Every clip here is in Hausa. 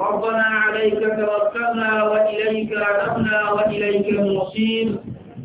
ربنا عليك توكلنا وإليك أنبنا وإليك المصير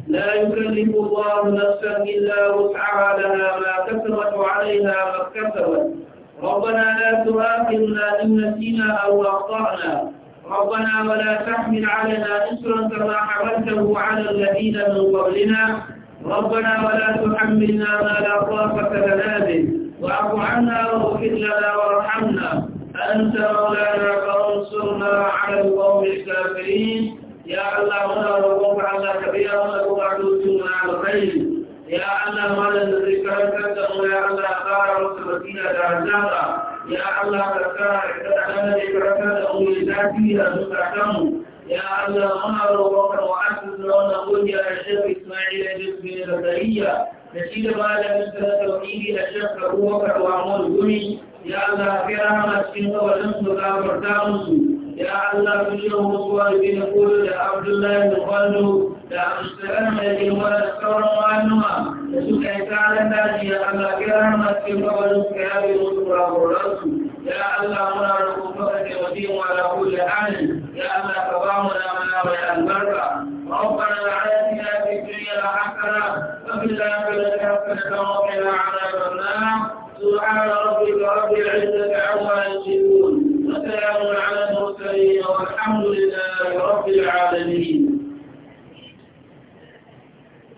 لا يكلف الله نفسا إلا وسعها لها ما كسبت وعليها ما اكتسبت ربنا لا تؤاخذنا إن نسينا أو أخطأنا ربنا ولا تحمل علينا إسرا كما حملته على الذين من قبلنا ربنا ولا تحملنا ما لا طاقة لنا به واعف عنا واغفر لنا وارحمنا أنت مولانا فانصرنا على القوم الكافرين يا الله ولا ربك على كبيرا ولا عدوكم على الخير يا الله مالا ذكرك يا الله قارب سبتنا درجاتا يا الله كارك أنا ذكرك أولي ذاتي أذكركم يا الله مالا ربك وعدت ونقول يا شيخ إسماعيل بن زكريا نشيد مالا من سنة توحيدي الشيخ أبو بكر وعمر بني ya Allah kai rahama cikin kabarin su gafarta musu ya Allah ku yi musu wa bi na kudu da Abdullahi da Kwallo da Amsterdam da Jirma da sauran wannuma da suka yi karan daji ya Allah kai rahama cikin kabarin su ka yabe musu kurakuran su ya Allah muna roƙon maka taimakon wa da kulli hali ya Allah ka ba mu damana mai albarka ربنا آتنا في الدنيا حسنة وفي الآخرة حسنة وقنا عذاب النار سبحان ربك رب العزة عما يصفون وسلام على المرسلين والحمد لله رب العالمين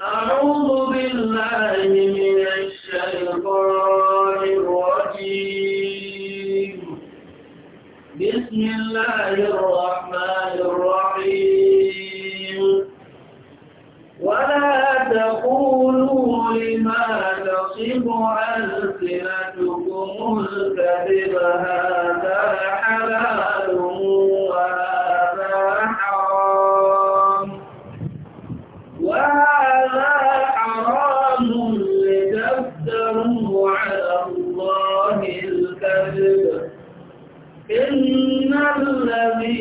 أعوذ بالله من الشيطان الرجيم بسم الله الرحمن الرحيم ولا تقولوا لما تصب ألسنتكم الكذب هذا حلال وهذا حرام وهذا حرام لتفتروا على الله الكذب إن الذي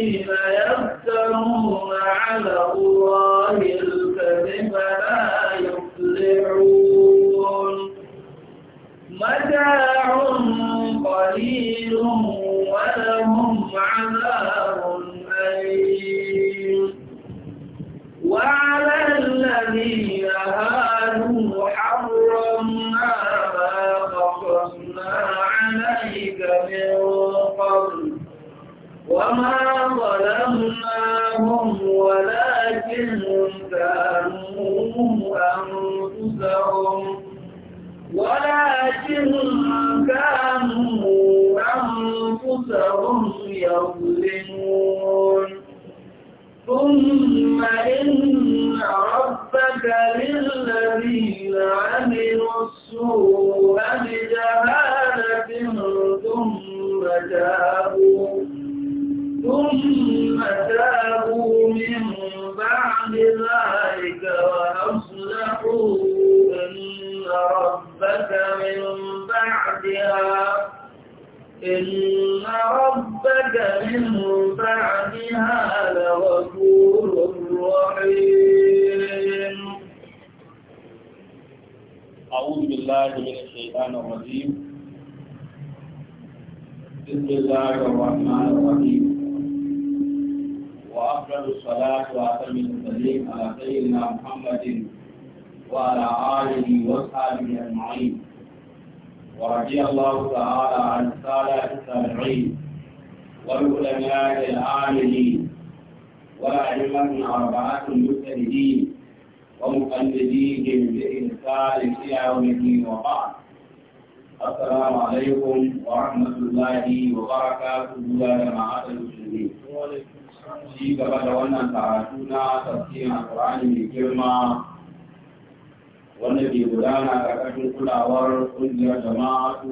كان لقد كل أوار كل جماعة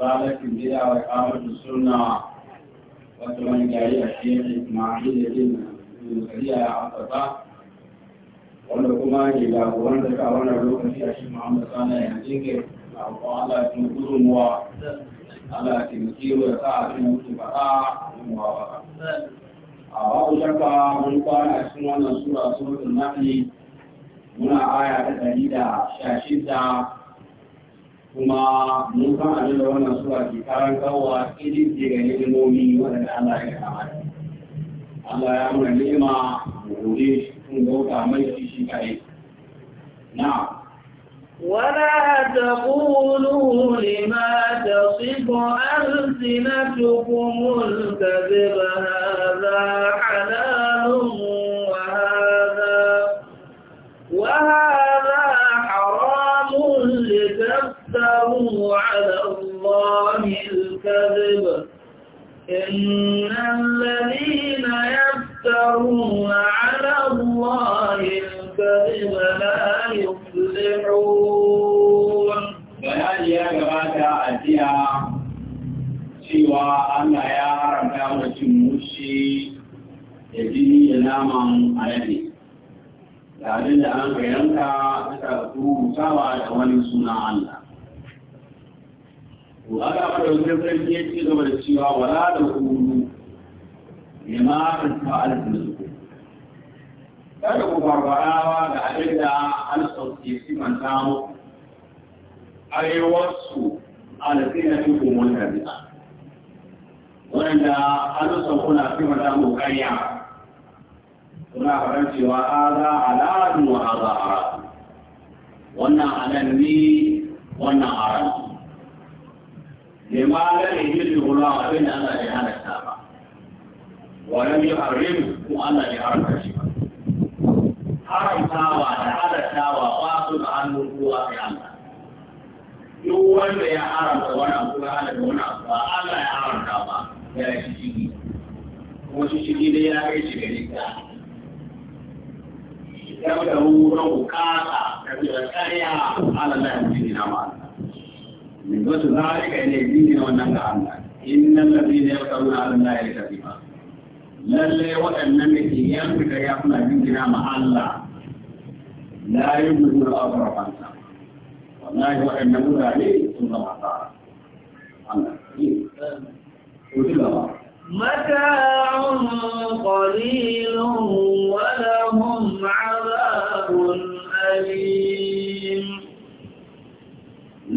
ذلك بلا وقامة السنة وثمان جاي الشيخ معجزة من سريع عطفة ولكما إلى وانا كوانا لوك في أشي محمد صانع يهديك أو على تنقل موا على تنقل وساعة المتبقى وموا أعوذ بك من قال أسمان سورة سورة النحل muna aya ta ɗari da sha shida kuma mun san abin da wannan sura ke karan kawowa irin ke ga hidimomi waɗanda Allah ya kama da Allah ya muna nema mu gode shi kun bauta mai shi shi kaɗai na'am ولا تقولوا لما تصف ba الكذب هذا حلال على الله الكذب إن الذين يفترون على الله الكذب لا يفلحون بيان يا جماعة أتيا سوى أن يا رب وجموشي يجيني ينام عليه لا abin da an ka yanka suka rubuta وهذا أقول الجبل يأتي قبل السوى ولا تقولوا لما قد فعلت نسكم kada ku barbarawa da abin da alsauke su manta muku arewarsu alfina fi kumon tabi'a wanda alsauku na fi manta muku karya suna faɗar cewa a aladu wa aza aradu wannan anan ne wannan aradu ne ma gane yi da wani abin da Allah ya hana ta ba wa lam yuharrimu Allah ya harka shi ba haramtawa da halattawa ba su da hannun kowa sai Allah duk wanda ya haramta wani ya ba haramta ba ya ne ya من وجه ذلك إلى دين ونهى عنه إن الذين يركبون على الله كذبا للي وأنم يملك يقنا جنجنا مع الله لا يملك الأرض ربنا والله وأنه لا ثم عطاء متاع قليل ولهم عذاب أليم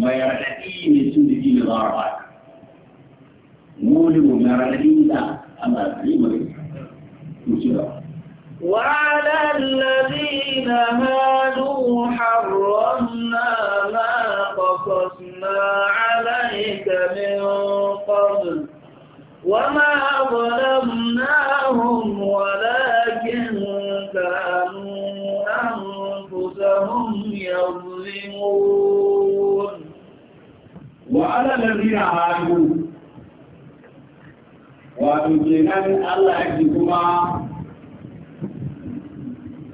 mai raɗaɗi ne sun da dina za da Allah ta yi mai وعلى الذين هادوا حرمنا ما قصصنا عليك من قبل وما ظلمناهم ولكن كانوا أنفسهم يظلمون وعلى الذين هادوا وتجنن الله يكتبها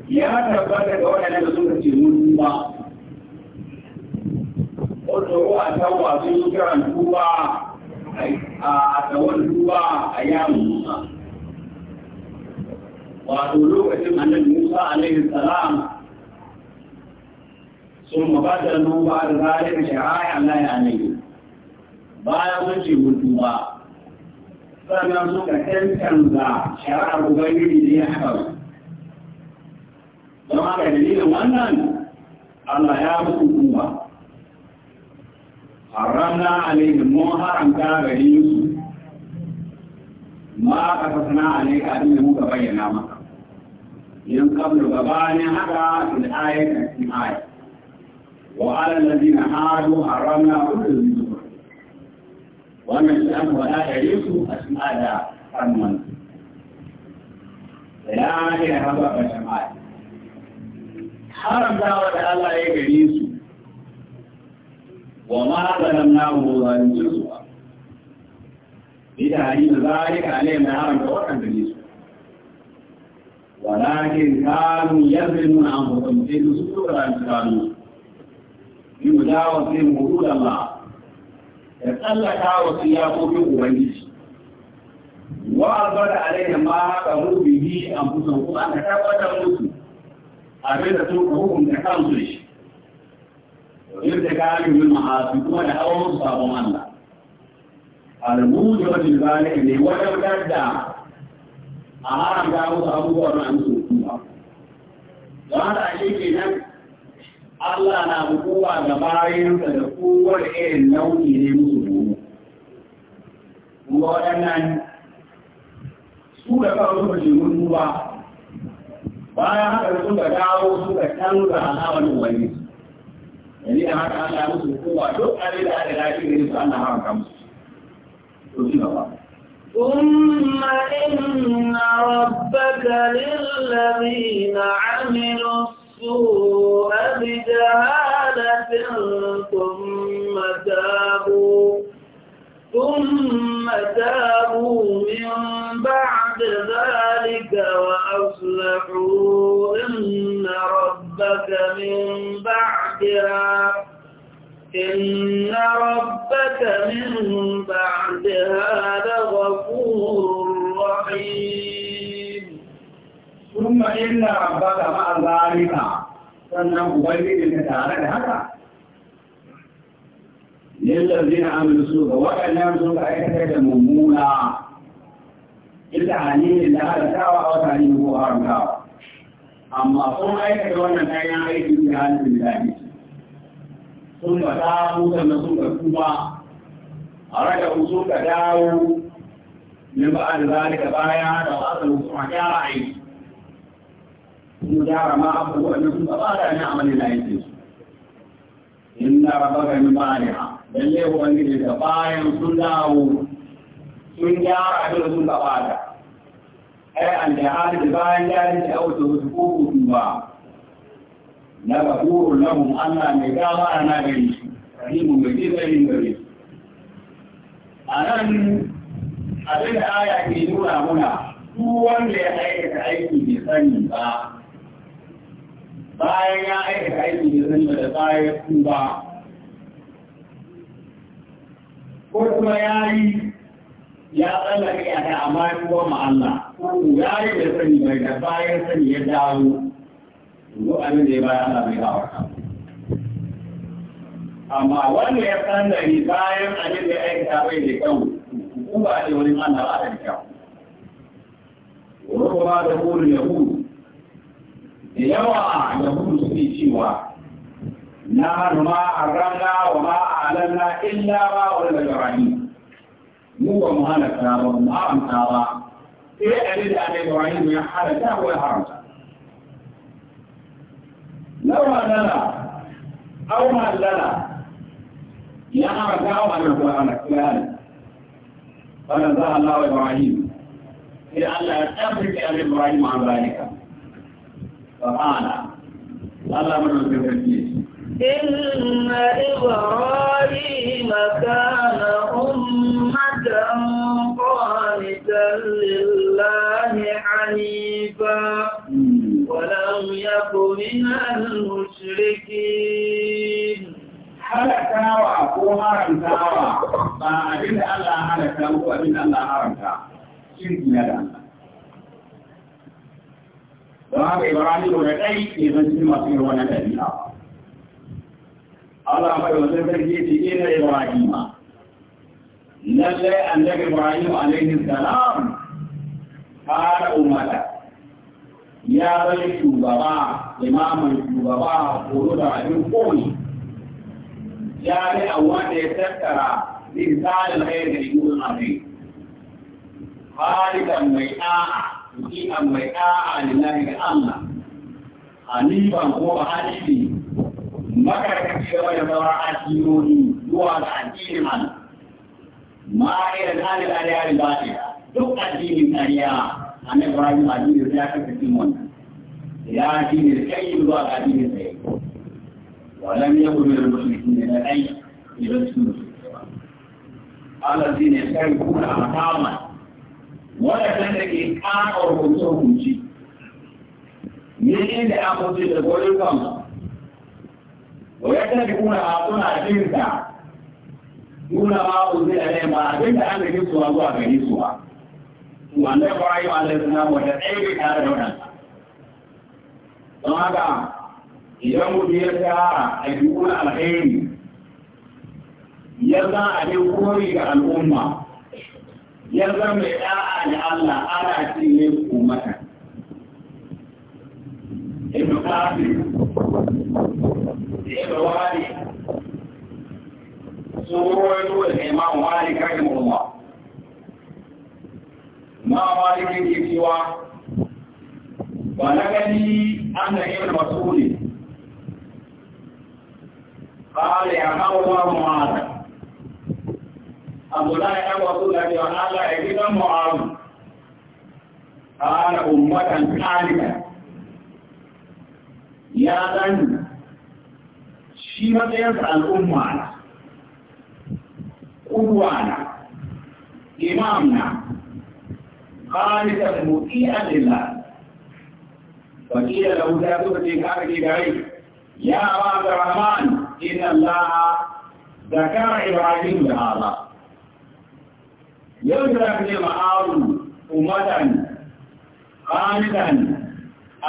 يا تبارك وتعالى سورة المنبا Odowo a tawa sun yi kiran tuba a tawon tuba a yawon Musa. Wato lokacin annabi Musa alaihi salam sun mabata nuba da zalika shari'a Allah ya bayan sun ce hutu ba sannan suka tantanta shari'ar ubangiji ne a kan don haka dalilin wannan Allah ya musu kuma haramna alaihim mun haramta gare su ma ka fasana alaika abin da muka bayyana maka yin kablu gabanin haka fil ayat al-ayat wa ala alladhina hadu haramna kullu wannan shi an faɗa gare su a suna da hannun da ya gina hamba ga jama'a Haramta wata Allah ya gare su wa ma zalam na mu zalunci su ba bida za da yi alayhi mai haramta waɗanda ne su walakin kanu yazlimuna anfusahum sai su su zalunci kanu yi mujawa sai mu hudu Allah da tsallaka wa siyafofin ubangiji wa albada alaihi ma haka mubihi an fusan kuma aka tabbatar musu abin da sun hukunta kansu da shi yadda ka yi min ma'asu kuma da hawa musu sabon Allah Albuja mujo da ne wajen da a haramta musu abubuwan da an so kuma don haka ake kenan Allah na hukuma ga bayansa da kowar irin launi ne musu domin. Kuma waɗannan su da kawo suka ce mun ba, bayan haka suka dawo suka canza al'amarin wani. Yanzu da haka Allah ya musu hukuma duk abin da aka dace ne su Allah haramta musu. To ci gaba. ثم إن ربك للذين عملوا السوء بجهالة ثم تابوا ثم تابوا من بعد ذلك وأصلحوا إن ربك من بعدها إن ربك من بعدها لغفور رحيم Kuma إن ربك مع ذلك sannan ubangiji ka tare da haka lillazi na amin su ga waɗannan sun ka aikata da mummuna illa halilin da halattawa a wata ne ko haramtawa amma sun aikata wannan kayan aiki da hannun da dami sun ka samu na sun ka kuma a rada sun ka dawo min ba'ad zalika baya da wasu sun ka aiki sun gyara ma abubuwan da sun gaba da ni amalin na yake su In inna rabbaka min ba'daha lalle ubangiji da bayan sun dawo sun gyara abin da sun gaba da ai an da hali da bayan gyaran da auto su ko kudu ba na gafuru lahum Allah mai gama na gari su rahimu mai jibarin gari su a nan abin da aya ke nuna muna duk wanda ya aikata aiki bai sani ba bayan ya aikata aiki da zan da bayan kuma ko kuma ya yi ya tsallake a da amma tuba ma Allah ko ya yi da sani mai da bayan sani ya dawo ko abin da ya bayan Allah bai dawo amma wanda ya san ni bayan abin da ya aikata bai da kyau a ce wani Allah ba a da kyau. Wani kuma da burin da yawa da gudu suke cewa na ma a rana wa ma a alanna illa ba wani daga rani mu ba mu halatta ba mu haramta ba sai a da ana yi rani ya halatta ko ya haramta lawa lana au ma lana ya haramta au ma lana ko ana kiyaye wannan za Allah wa Ibrahim sai Allah ya tabbata Ibrahim an zalika فقال الله من الكفرين إن إبراهيم كان أمة قانتا لله حنيفا ولم يك من المشركين halakawa ko haramtawa ba abin da Allah halaka ko abin da Allah haramta shirki na da فهذا إبراهيم ولدي في غزل مصير ونبيها الله أمر وزفر جيت إلى إبراهيم لله أن إبراهيم عليه السلام قال أمته يا بني شوبابا إمام شوبابا قلوب عدو قوي يا بني أول يتذكر بإنسان الغير يقول عظيم خالد ميتاء mutum mai ɗa'a lillahi ga Allah hanifan ko hanifi makarkaci gaba da zama addinoni zuwa ga addinin Allah ma irin halin aliyari ba ne duk addinin ƙarya annabi Ibrahim addinin ya kasance wannan ya addinin kai zuwa ga addinin sai ولم يكن من المشركين الى اي يبسم الكفر قال الذين يستحقون احكاما waɗanda ke ƙaƙa hukunce-hukunce ne inda an kuce da goyon kansu wa ya tafi kuna a suna jinta nuna ma ku zai a nema abinda an da gisuwa zuwa ga gisuwa wanda ba yi wa Allah suna wata ɗaya bai tare da waɗanda don haka idan mutum ya tara a duk alheri ya san abin kori ga al'umma ya zama mai da'a da Allah ana ce ne ku mata ibn qasim ibn wali سورة الإمام مالك رحمه الله ما مالك سوى بلغني أن ابن مسعود قال يا الله معاذ Abdullahi ɗan wasu da cewa Allah ya gidan Mu'awu. Ana ummatan kalika. Ya zan shi matsayinsa al'umma na, ƙuduwa na, imam na, khalisan muti'an lillah. Fakila da wuta ya suka ce ka ake gare, ya ba da Rahman, inna Allah zakara Ibrahim da Allah. يمرق لمعاون أمدا خالدا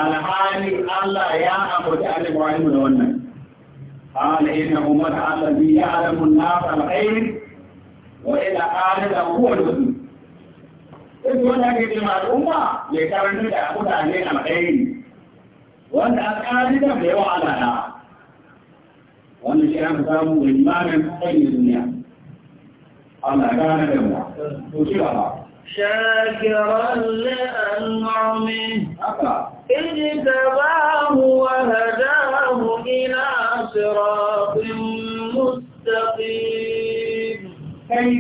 الحالي الله يا أبو تعالى إبراهيم لونا قال إن عمر الذي يعلم الناس الخير وإلى خالد هو الوزن إذ وانا كده مع الأمة يكرن لأبو تعالى الخير وانا خالدا بيوعدنا وانا شيئا فهموا إماما خير Allah gane da mu to ci gaba شاكرا لأنعمه اجتباه وهداه إلى صراط مستقيم كيف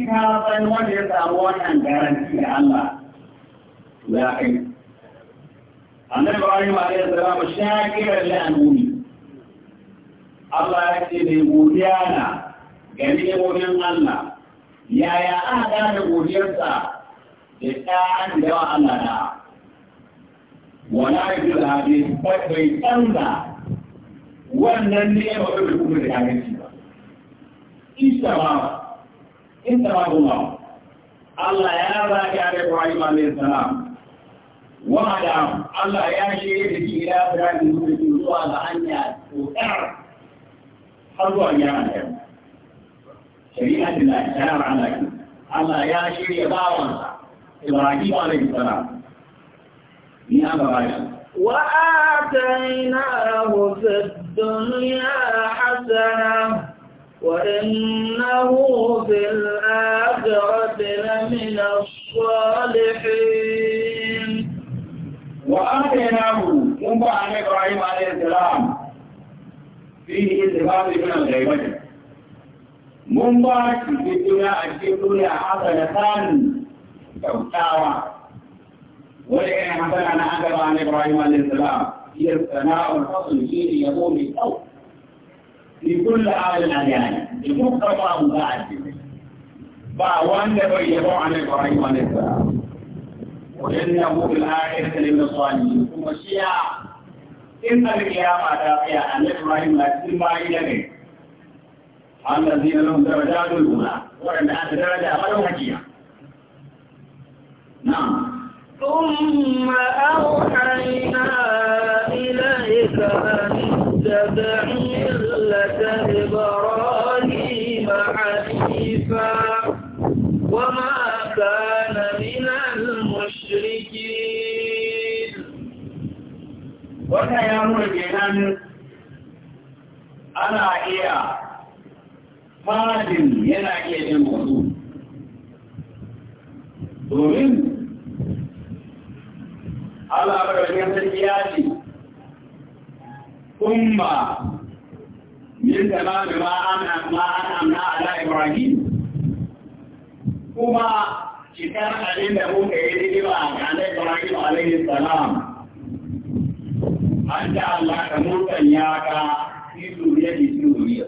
كان وجد أولا جارنتي الله لكن annabi ibrahim alayhi salam shakiran li anuni Allah ya ce mai godiya na ga nemomin Allah yaya aka gane godiyarsa da ɗa'an da yawa Allah na wala yi da hadis bai canza wannan ne ya faɗi da kuma da kaganci ba isa ba isa ba kuma Allah ya zaɓi a rai Ibrahim alayhi salam wa da Allah ya shirye da shi ya fara da zuwa ga hanya tsotsar har zuwa yana da yau شريعة الله شرع لك الله يا شريع إبراهيم عليه السلام من أبراهيم وآتيناه في الدنيا حسنة وإنه في الآخرة لمن الصالحين وآتيناه عن إبراهيم عليه السلام فيه إثبات من الغيبة mun ba shi gidura a cikin ya haka da samun kyautawa wani irin hasana na an gaba na ibrahim alayhi salam iya sana'ar fasul shi ne yabo mai kyau fi kulli alin aliyani da muka ba mu za a ce ba wanda bai yabo an ibrahim alayhi salam wajen na bukin ayar kalimar swani kuma shiya in alkiyama ta tsaya an ibrahim na cikin bayi da gari الذين لهم درجات الأولى ولم أت درجة ولو حكيمة نعم ثم أوحينا إليك أن اتبع ملة إبراهيم حنيفا وما كان من المشركين وكان الجنان أنا إياه fadin yana iya jin wasu domin Allah da sarki ya ce kuma min da ma an amna ala Ibrahim kuma cikar abin da muka yi ba, a kanar Ibrahim alayhi salam an ta Allah ka mutan ya ka fi zuriya da zuriya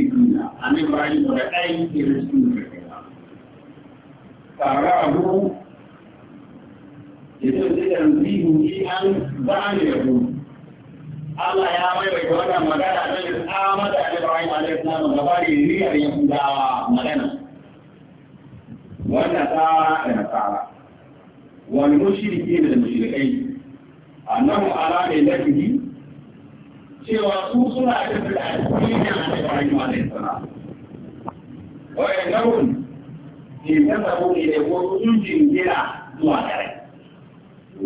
annabi Ibrahim da ɗayan ke da cikin gargaɗa tare abu idan zai yanzu yi an ba ne yabo Allah ya maimaita wannan magana don ya tsama da annabi Ibrahim alaihi salam gaba da riyar Yahudawa magana wannan ta da nasara wani mushriki da mushrikai annahu ala ne lafihi cewa su suna da addinin da Ibrahim alaihi salam وإنهم انتسبوا إليه وسجن جرا زوا gare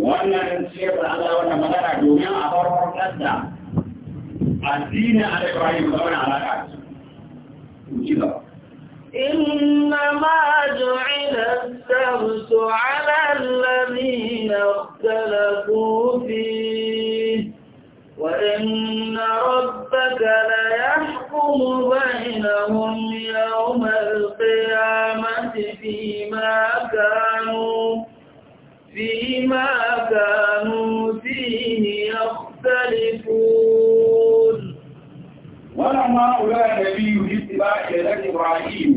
wannan ciyar da Allah wannan magana domin a farkon ɗansa addini a da Ibrahim da wani alaƙa su ci gaba إنما جعل الشمس على الذين اختلفوا فيه وإن ربك ليحكم بينهم يوم القيامة فيما كانوا فيما كانوا فيه يختلفون ولما أولى النبي اتباع شهادة إبراهيم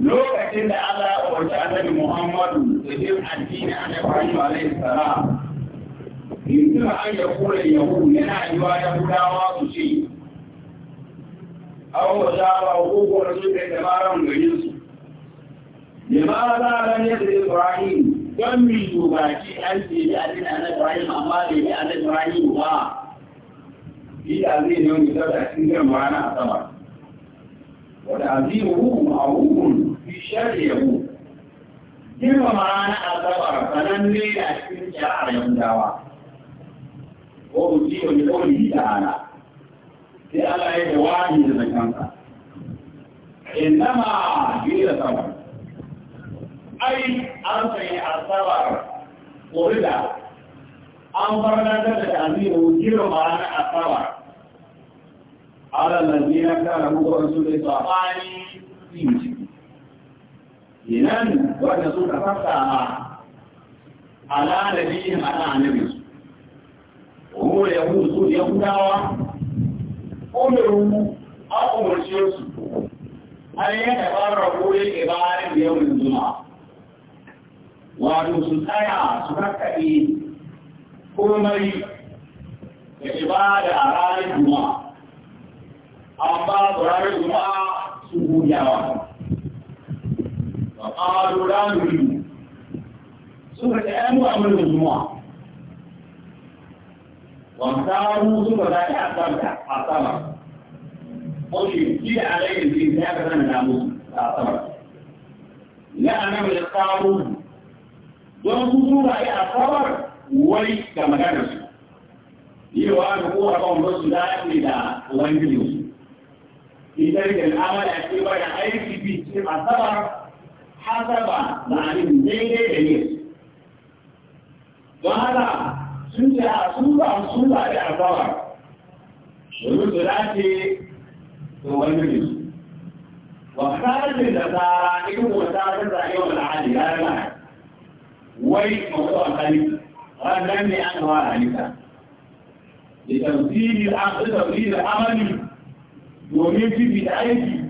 لَوْ لوكتين على وجعل محمد تجيب الدين عن إبراهيم عليه السلام يمكن أن يقول اليهود لنا أيها يهوداوا تشي أو وزارة حقوق رسول كتبارا وجنس لماذا لم يدري إبراهيم كم من تباكي أنت لأدنى أن إبراهيم أما لأن إبراهيم ما في هذه اليوم يتبع سنجر معنا أتمر وتعزيره معروف في شر يهود كما معنا أتمر فلن لي أشكر شرع يهوداوا ko ku ci wani kawai da hana, sai Allah ya yi jawabi da In kansa innama da sama ai an sanya asabar korida an farnantar da azimu girma na asabar ala lalzina kara mukuwar su da tsafani yin ciki inan wanda suka fasa ala da biyin ala annabi su وهو يقول سوء يهوداwa umaru an umarce su har yana fara kore ibarin yawon zuma wato su tsaya su kakkaɓe komai da ibada a ranar zuma amma su ranar zuma su gudawa ba ƙaru ranar yi suka ta ‘yan mu'amurin zuma وانصاروا ثم ذاك أعتمد أعتمد قل جيل عليه الإنسان فلم ناموس أعتمد لا أنا من القارون don su suna yi a kawar wani ga maganar su yi wa an ko a kan wasu da ne da wani su idan da al'amala ce ba da aiki bi cikin asabar hasaba na alim daidai da ne don haka sun ce a sun ba sun ba da azawa domin su dace da wani ne wa kare da tsara ikin wata ta zaɓe wa la'adi ya rana wai mawata hankali wannan ne an kawo halitta da tamsiri a tsamsiri amali domin fifi da aiki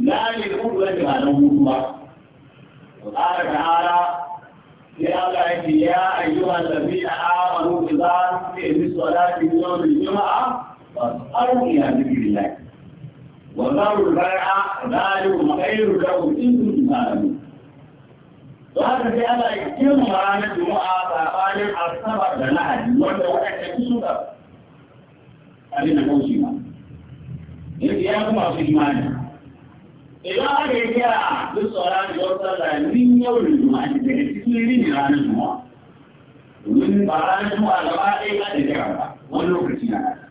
na ne da kuma da ba na hutu ba. Allah ta'ala يا الله يا أيها الذين آمنوا إذا نودي للصلاة يوم الجمعة فاسألوا إلى ذكر الله وذروا البيع ذلكم خير لكم إن كنتم تعلمون وهذا في هذا يتم مرانا جمعة فقال السبب لنهج وانت وحدك تسوك أبين كوشيما يجي يا كما في إيمانك إذا أجي yawon juma'a ne daga cikin rini ranar juma'a domin ba ranar juma'a gaba ɗaya ba da jira ba wani lokaci na kasa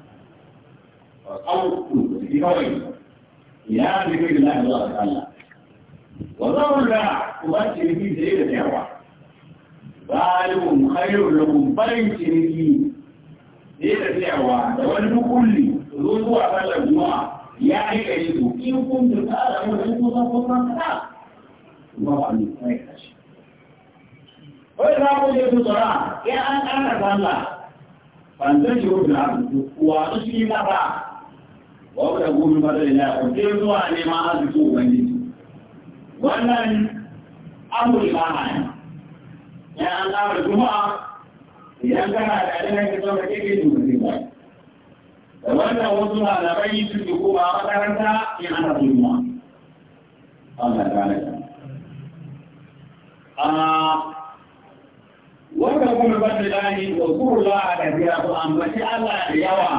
ba kawo lokaci kawai ya zai kai da lafi zuwa ga Allah wa zaun da kuma ciniki da yake da yawa zalimun khairun lakum barin ciniki da yake da yawa da wani kulli zo zuwa sallar juma'a ya yi kai su in kun ta alamu da kun san kun san الله عليه وسلم وإذا قضيت الصلاة يا أن أنا صلى فانتشروا في الأرض وأصلي مرة وأبلغوا من بدل الله وتيزوا عن ما أزكوا مني وأن أمر الإمام يا أن أمر الجمعة إذا كان علينا كتابة كيف يجب da wannan wasu malamai suke kuma makaranta in ana zulma. Allah ta wanda kuma ban da dani wa kurla a gajiya to ambaci Allah da yawa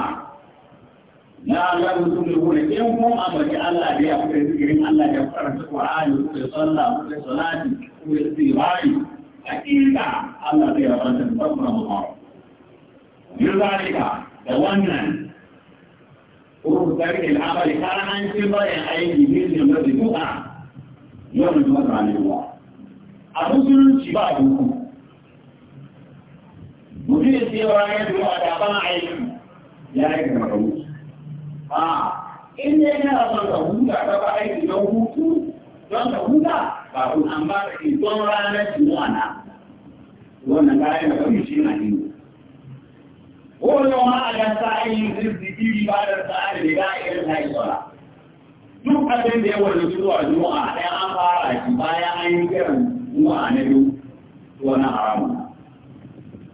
na Allah mutum da kuma in kun ambaci Allah da yawa kuma zikirin Allah da karanta Qur'ani kuma sallah kuma salati kuma istighfari hakika Allah zai rabanta da kuma mutum yin zalika da wannan Kurun tarihi al'amari kar an ce bayan aiki ne da mazuka yau da mazuka ne ba. a musulunci ba duku mutum ya ce wa ya zuwa da ban aiki ya yi da makamu a inda yana son ka huta ta ba aiki don hutu don ka huta ba kun an ba ka ke don ranar juma'a wannan kayan da kawai shi na yi wannan ma a yan sa'ayi zirziki ba da sa'ayi da ga irin sa'ayi tsara duk abin da ya wani zuwa juma'a ɗaya an fara shi bayan an yi kiran kuma a na biyu to na haramu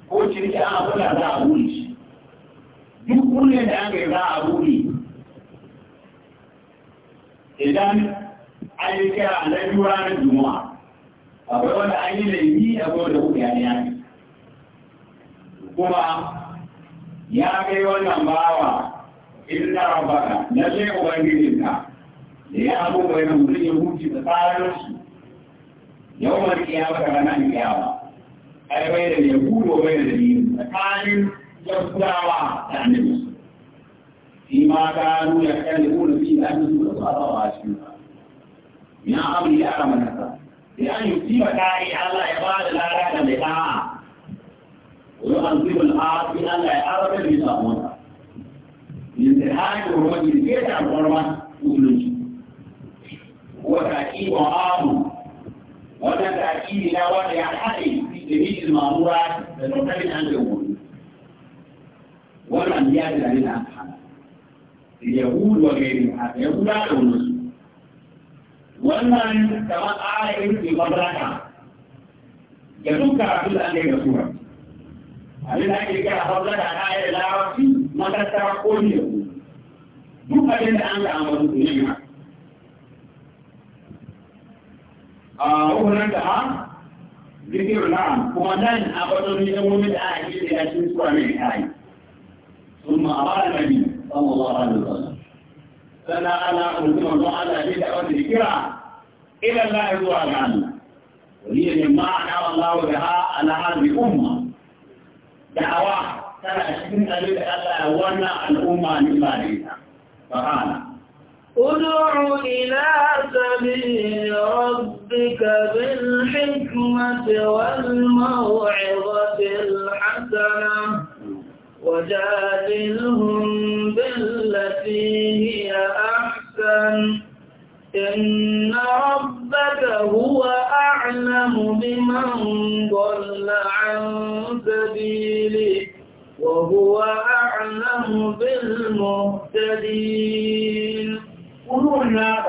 ko ciniki ana kula za a buɗe shi duk kullum da aka yi za a buɗe idan an yi kira a na biyu ranar juma'a akwai wanda an yi laifi akwai wanda kuka yi yaki kuma ya kai wannan bawa in na rabaka na sai ubangijinka da ya abubuwa yana mutum ya huce tsakaninsu يوم القيامة كما نعم القيامة أي بين اليهود وبين الدين فكان يصدعوا يعني تعلمه فيما كانوا يختلفون فيه أنهم أصابوا عاشورا من أمر الله من نفسه بأن يصيب كاري على عباد لا رأي لقاء ويعظم الآخر أن لا يعرف المساهمة لانتهاك الرجل كيف عن حرمة مسلمين وتأكيد وآمن wannan da aƙidi na wanda ya haɗe da mijin mamura da tattalin an da wuri wannan ya da ne na hana yahudu wa gairu a yahuda da wani su wannan kamar ayayin ke mabraka ga duk karatu da an da sura abin da ake kira mabraka na ayar larabci makarantar ko ne duk abin da an da amadu ne آه، آه، ثم أراد النبي صلى الله عليه وسلم فلا على أنزل الله على بدعوة الذكرى إلى الله زوال عنه وهي جماعنا الله بها على هذه الأمة دعوة ترى أشكين أبدا الله الأمة لله فقال ادع إلى سبيل ربك بالحكمة والموعظة الحسنة وجادلهم بالتي هي أحسن إن ربك هو أعلم بمن ضل عن سبيله وهو أعلم بالمهتدين قلوا الناس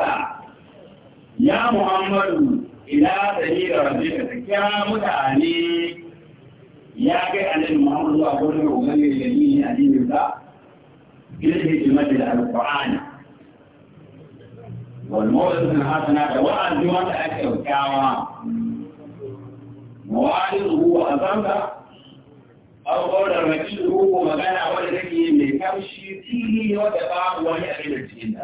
يا محمد إلى سبيل ربك يا متعني يا كي أن محمد أقول لكم من الذين أدين الله إليه المجد القرآن والمولد من حسنة وأن جوان أكثر كاوان موالد هو أظنك أو قول الرجل هو مغانا ولدك من كمشي فيه وتبع ولي أجل الجنة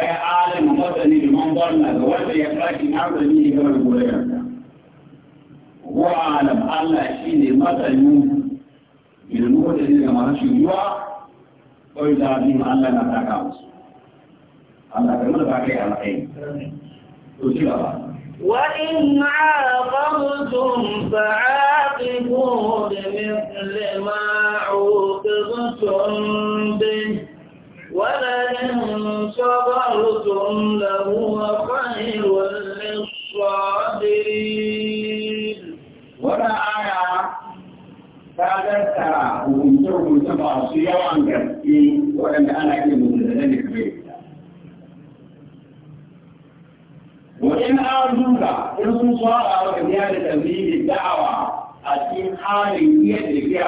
أي عالم وطني بمنظرنا لوجه يفاكي نعبد به كما يقول لك هو عالم الله شيني مثل بالموت الذي كما نشي يوعى وإذا عظيم الله نتاكاوس الله كما نتاكي على خير تجيب وإن عاقبتم فعاقبوا بمثل ما عوقبتم به ولئن صبرتم لهو خير للصابرين ولا آية فأدتها وانتم تبعصي صيام كفي وان انا كمزلزل كبير وإن أرجوك إن صار وكذلك تبليغ الدعوة أتي حالي يدك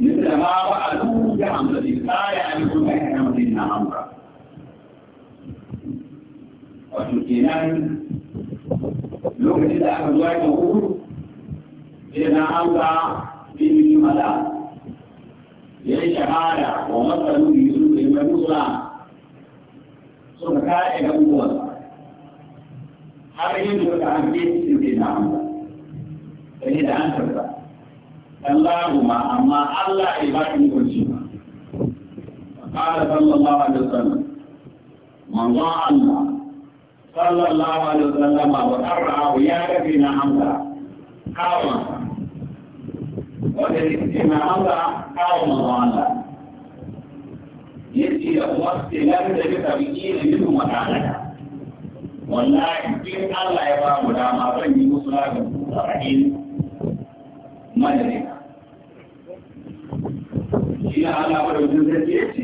مثل ما وعدوك بحمد لا يعرفون بحمد النهار وتكينان لوكتي دا أخذواي تقول إذا أمضى بمن ملا يلي شهادة ومثل يسوع المنوصة سبحانه أبوه har yin da an fi su ke na amma da ni da an tarba Allahu ma amma Allah ya ba ni kunci قال صلى الله عليه وسلم من ضاع الله صلى الله عليه وسلم وقرع وياك فينا حمزة قاوما وذلك فينا حمزة قاوما ضاعنا يجي الوقت لا تجد بكين منه مكانك والله في الله يبقى مدام أبني مصلاك رحيم مدرك إلى أن أقول بذلك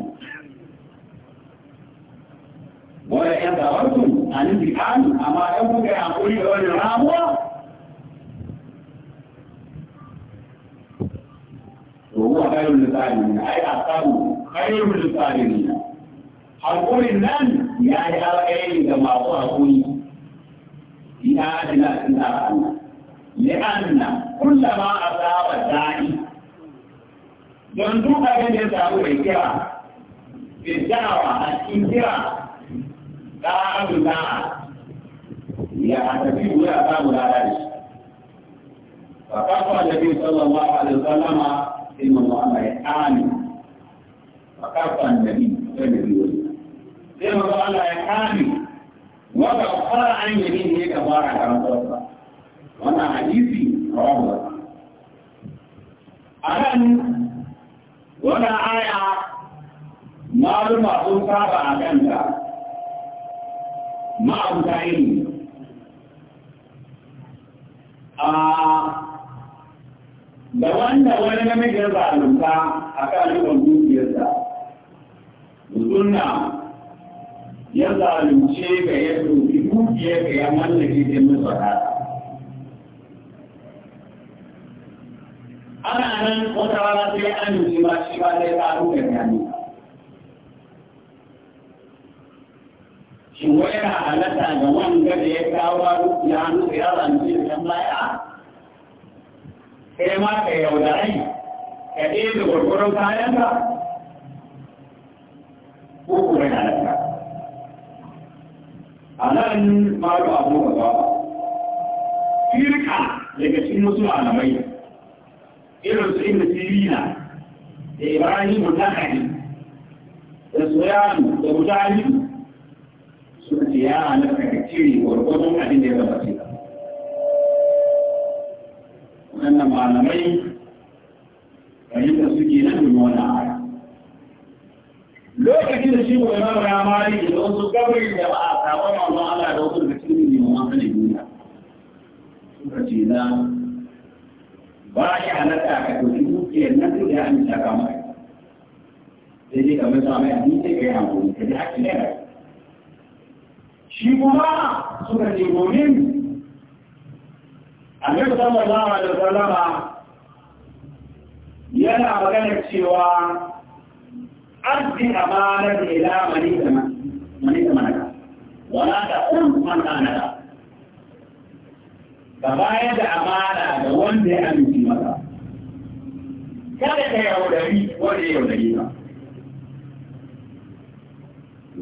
ولئن ضربتم عن الانتقام أما يبقى يعقول يقول الراموة وهو خير للصالحين أي أصاب خير للصالحين حقول النان يعني أرأي كما هو أقول في آدنا إلا لأن كل ما أصاب الداعي don duk abin da ya samu mai kira, da jawa a cikin kira لا أبو يا أتبيه يا النبي صلى الله عليه وسلم إن الله آمن فقال النبي صلى الله عليه وسلم إن الله آمن وكفر عن يمينه كفارة عن صدقه وانا حديثي رواه أنا وانا آية ما لم أكن تابع عنها ma'abuta ilimi da wanda wani namijin zalunta a kan rikon dukiyarsa sunna ya zalunce ga ya ɗauki dukiyar ga ya mallake ta masa rata ana nan wata rana sai an yi ma shi ba zai ƙaru da gani Shin wai yana halatta ga wanga da ya kawo ya hannu ya zanci da kan baya kai ma ka yaudarai ka ɗaya da gwargwaron kayanka ko kuma yana halatta a nan ma ga abu ba. firka daga cikin wasu malamai irin su inda sirina da ibrahim mutahari da soyanu da mutahari suka ce ya halatta ka cire gwargwadon abin da ya zama ce waɗannan malamai fahimta suke nan domin wannan aya lokacin da shi ko imam ya mari da wasu gabri da ba a saba manzon Allah da wasu da cikin liman sani duniya suka ce na ba shi halatta ka ɗauki dukiyar nan duk da ya amince ka mai sai dai kamar sa mai abin sai ka yi hankali ka ji hakki ne shi kuma suka ce domin annabi sallallahu alaihi wasallama yana magana cewa أدي أمانة إلى من يتمنى من يتمنى ولا تقوم من كان gabayar da amana da wanda ya amince maka kada ka yaudari wanda ya yaudari ka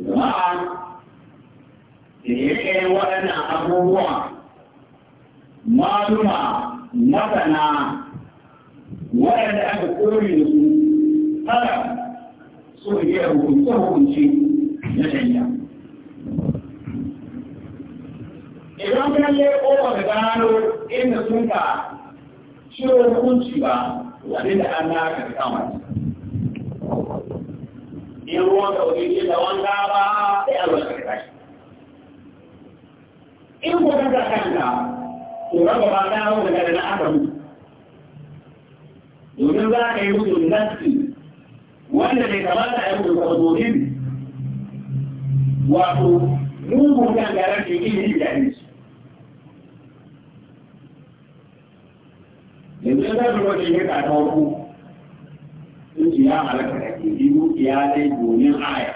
jama'a da ya waɗannan abubuwa maluma masana waɗanda aka kori da su haka so iya hukunce hukunce na shanya idan kan yi ba ga gano inda sun ka ciro hukunci ba wani da an naka da kama in ruwan da wani da wanda ba sai a ruwan ka in ko ka kanka raba domin za ka yi mutum nasi wanda bai kamata a ya mutum domin wato mugun kan garar da yake yi da yanzu yanzu za su wajen yi kata sun ci ya halaka da ke yi dukiya dai domin aya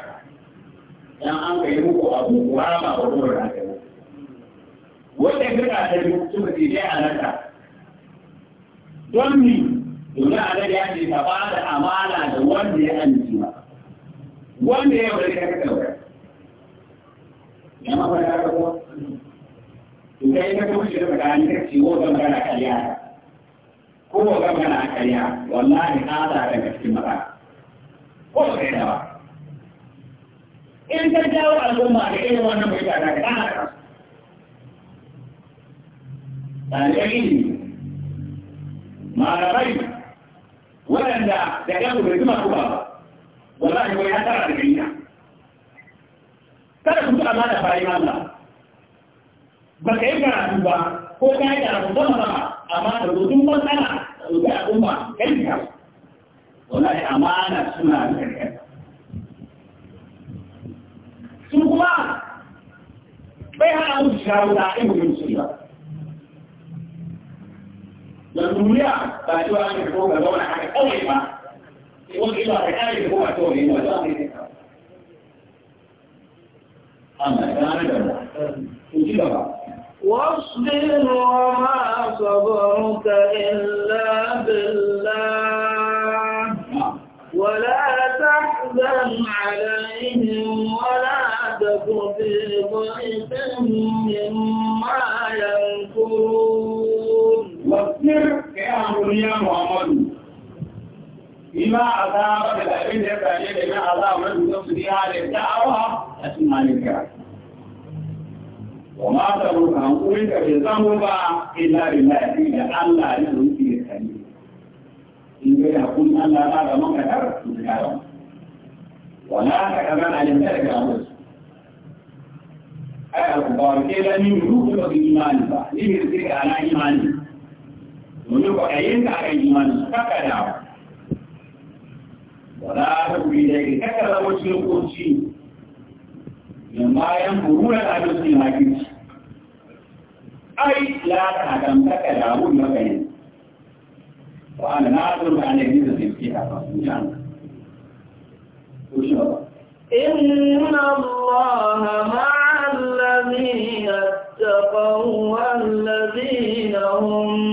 an ka yi muku abu wanda firka ta biyu su ba ce dai halarta don mi domin halar ya ce ka ba da amana da wanda ya amince ba wanda ya wani ka kaka ya yamma ba ko rabuwa to kai ka kuma shi da tsakanin ka ce wata magana kariya ko wata magana kariya wallahi ka ta daga cikin matsala ko ba kai da ba in ka jawo al'umma da irin wannan mutane ka kana ɗaliban ilimi malamai waɗanda da ɗan bai zuma kuma ba wallahi wai an tara da gina kada ku ta amana bayan Allah ba ka yi karatu ba ko ka yi karatu zama zama amma da rubutun matsala da rubutun al'umma kai ka wallahi amana suna da karkata sun kuma bai hana musu shawo da ɗin mutum su ba don duniya ba cewa ne ko ga zauna haka kawai ba sai wani ila ta kare ko ba to ne ba za mu yi Allah ya gane da mu ku ci gaba واصبر وما صبرك إلا بالله ولا تحزن عليهم ولا تك في ضيق مما يمكرون wasir ka yi hankali ya muhammadu ina azaba da abin da ya sanye da na azaba na dukkan su ne halin da'awa a cikin halin ka wa ma ta ruka hankulin ka bai zamo ba illa billahi da Allah ya rufe da kani in ga hakun Allah ta ga maka dar su da yawa wala ka kaga alim da ga mu ai al-qur'an ke da ni ruhu da imani ba ni ne sai ana imani domin kwaɗayin ka akan imani kaka dawo wala ta kuri da ke kaka zama cikin kunci yan bayan bururan abinci na kirki ai la ta hakan kaka dawo da kai wa ana na zo ka ne da zai ke a fasu jan ko shi ba إن الله مع الذين اتقوا والذين هم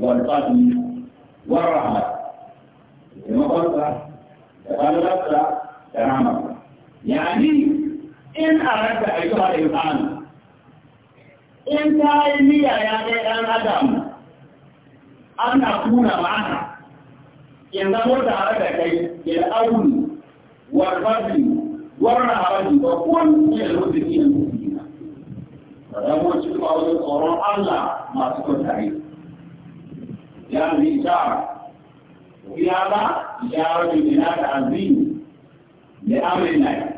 والفضل والرحمة كما قلت لك تماما يعني إن أردت أيها الإنسان إن تعلمي يا أن أدم أن أكون معها إن ذا أردت كي الأول والفضل والرحمة وكن من المدركين فلما تشوف أول القرآن الله ما تكون تعيش لهذه يعني إشارة وفي هذا إشارة إلى تعظيم لأمر الله